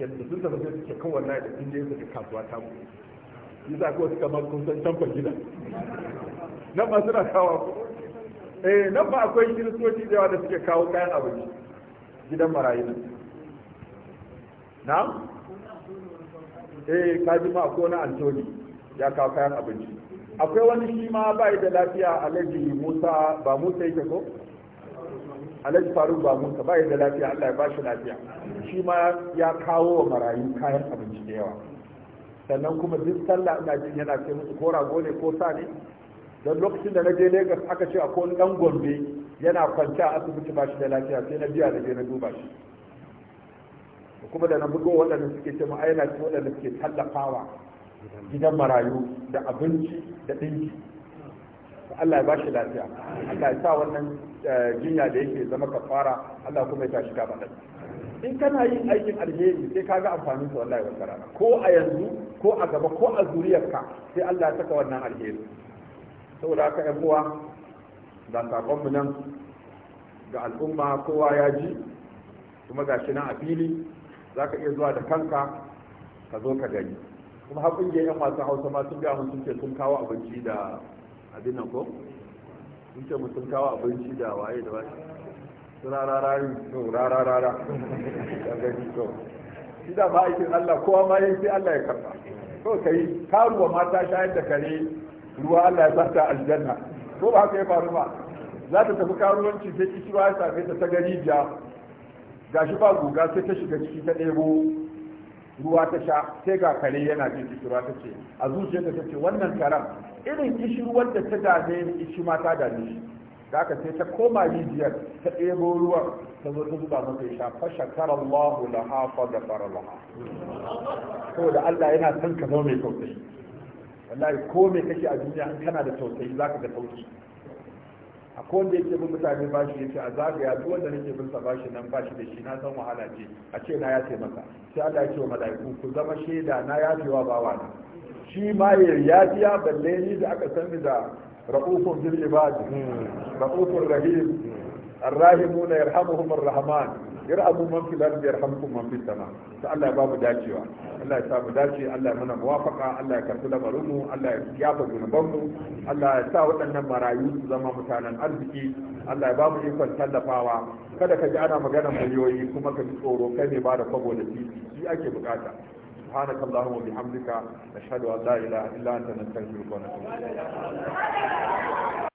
da sun tafi sai suke kan wannan da inda ya suka kasuwa ta mu yi za ka wasu kamar kun san canfan gida nan ba suna kawo ku eh nan ba akwai kiristoci da yawa da suke kawo kayan abinci gidan marayu nan na eh kaji ma ko na antoni ya kawo kayan abinci akwai wani shi ma bai da lafiya alhaji musa ba musa yake ko alhaji faruk mun ka bai da lafiya Allah ya bashi lafiya shi ma ya kawo wa marayu kayan abinci da yawa sannan kuma duk sallah ina jin yana ce musu ko rago ne ko sa ne don lokacin da na je Lagos aka ce akwai wani dan Gombe yana kwanta a asibiti ba shi da lafiya sai na biya da je na duba shi kuma da na bugo waɗanda suke ce na ce waɗanda suke tallafawa gidan marayu da abinci da ɗinki Allah ya bashi lafiya Allah ya sa wannan eh, jinya da yake zama ka fara. Allah kuma ya tashi kafa in kana yin aikin alheri sai ga amfanin sa wallahi wata rana ko a yanzu ko a gaba ko a zuriyarka sai Allah ya saka wannan alheri saboda haka ƴan uwa ga sakonmu nan ga al'umma kowa ya ji kuma ga shi nan a fili za ka iya zuwa da kanka ka zo ka gani kuma har ƙungiyar 'yan wasan hausa ma sun gaya mun sun sun kawo abinci da abin nan ko in ce mutum kawo abinci da waye da waye rararari to rararara da gani to shi da ba aikin Allah kowa ma yin sai Allah ya karba to kai karuwa mata shayar da kare ruwa Allah ya sata aljanna ko ba haka ya faru ba za ta tafi karuwanci sai ruwa ya same ta ta gari ja gashi ba guga sai ta shiga ciki ta ɗebo ruwa ta sha sai ga kare yana jin kishirwa ta ce a zuciyarta ta ce wannan karam irin kishirwar da ta dame ni shi ma ta dame shi da aka sai ta koma rijiyar ta ɗebo ruwan ta zo ta zuba masa ya sha fa shakara Allahu laha fa da laha saboda Allah yana son ka zama mai tausayi wallahi ko mai kake a duniya in kana da tausayi zaka ga tausayi akwai wanda yake bin mutane bashi yace a zagaya duk wanda nake bin sa shi nan bashi da shi na san wahala ce a ce na yace maka sai Allah ya ce wa mala'iku ku zama shaida na yafewa bawa na shi ma ya yafiya balle ni da aka sani da ra'ufun bil ibad hmm. ra'ufur rahim الراهمون يرحمهم الرحمن irhamu man filar ardi yarhamkum man fis sama to Allah ya babu dacewa Allah ya samu dace Allah ya mana muwafaqa Allah ya karfi lamarin mu Allah ya kiyafa zunuban mu Allah ya sa waɗannan marayu su zama mutanen arziki Allah ya babu ikon tallafawa kada ka ji ana magana miliyoyi kuma ka ji tsoro kai ne ba da kwabo da titi shi ake bukata سبحانك اللهم وبحمدك نشهد ان لا اله الا انت نستغفرك ونتوب اليك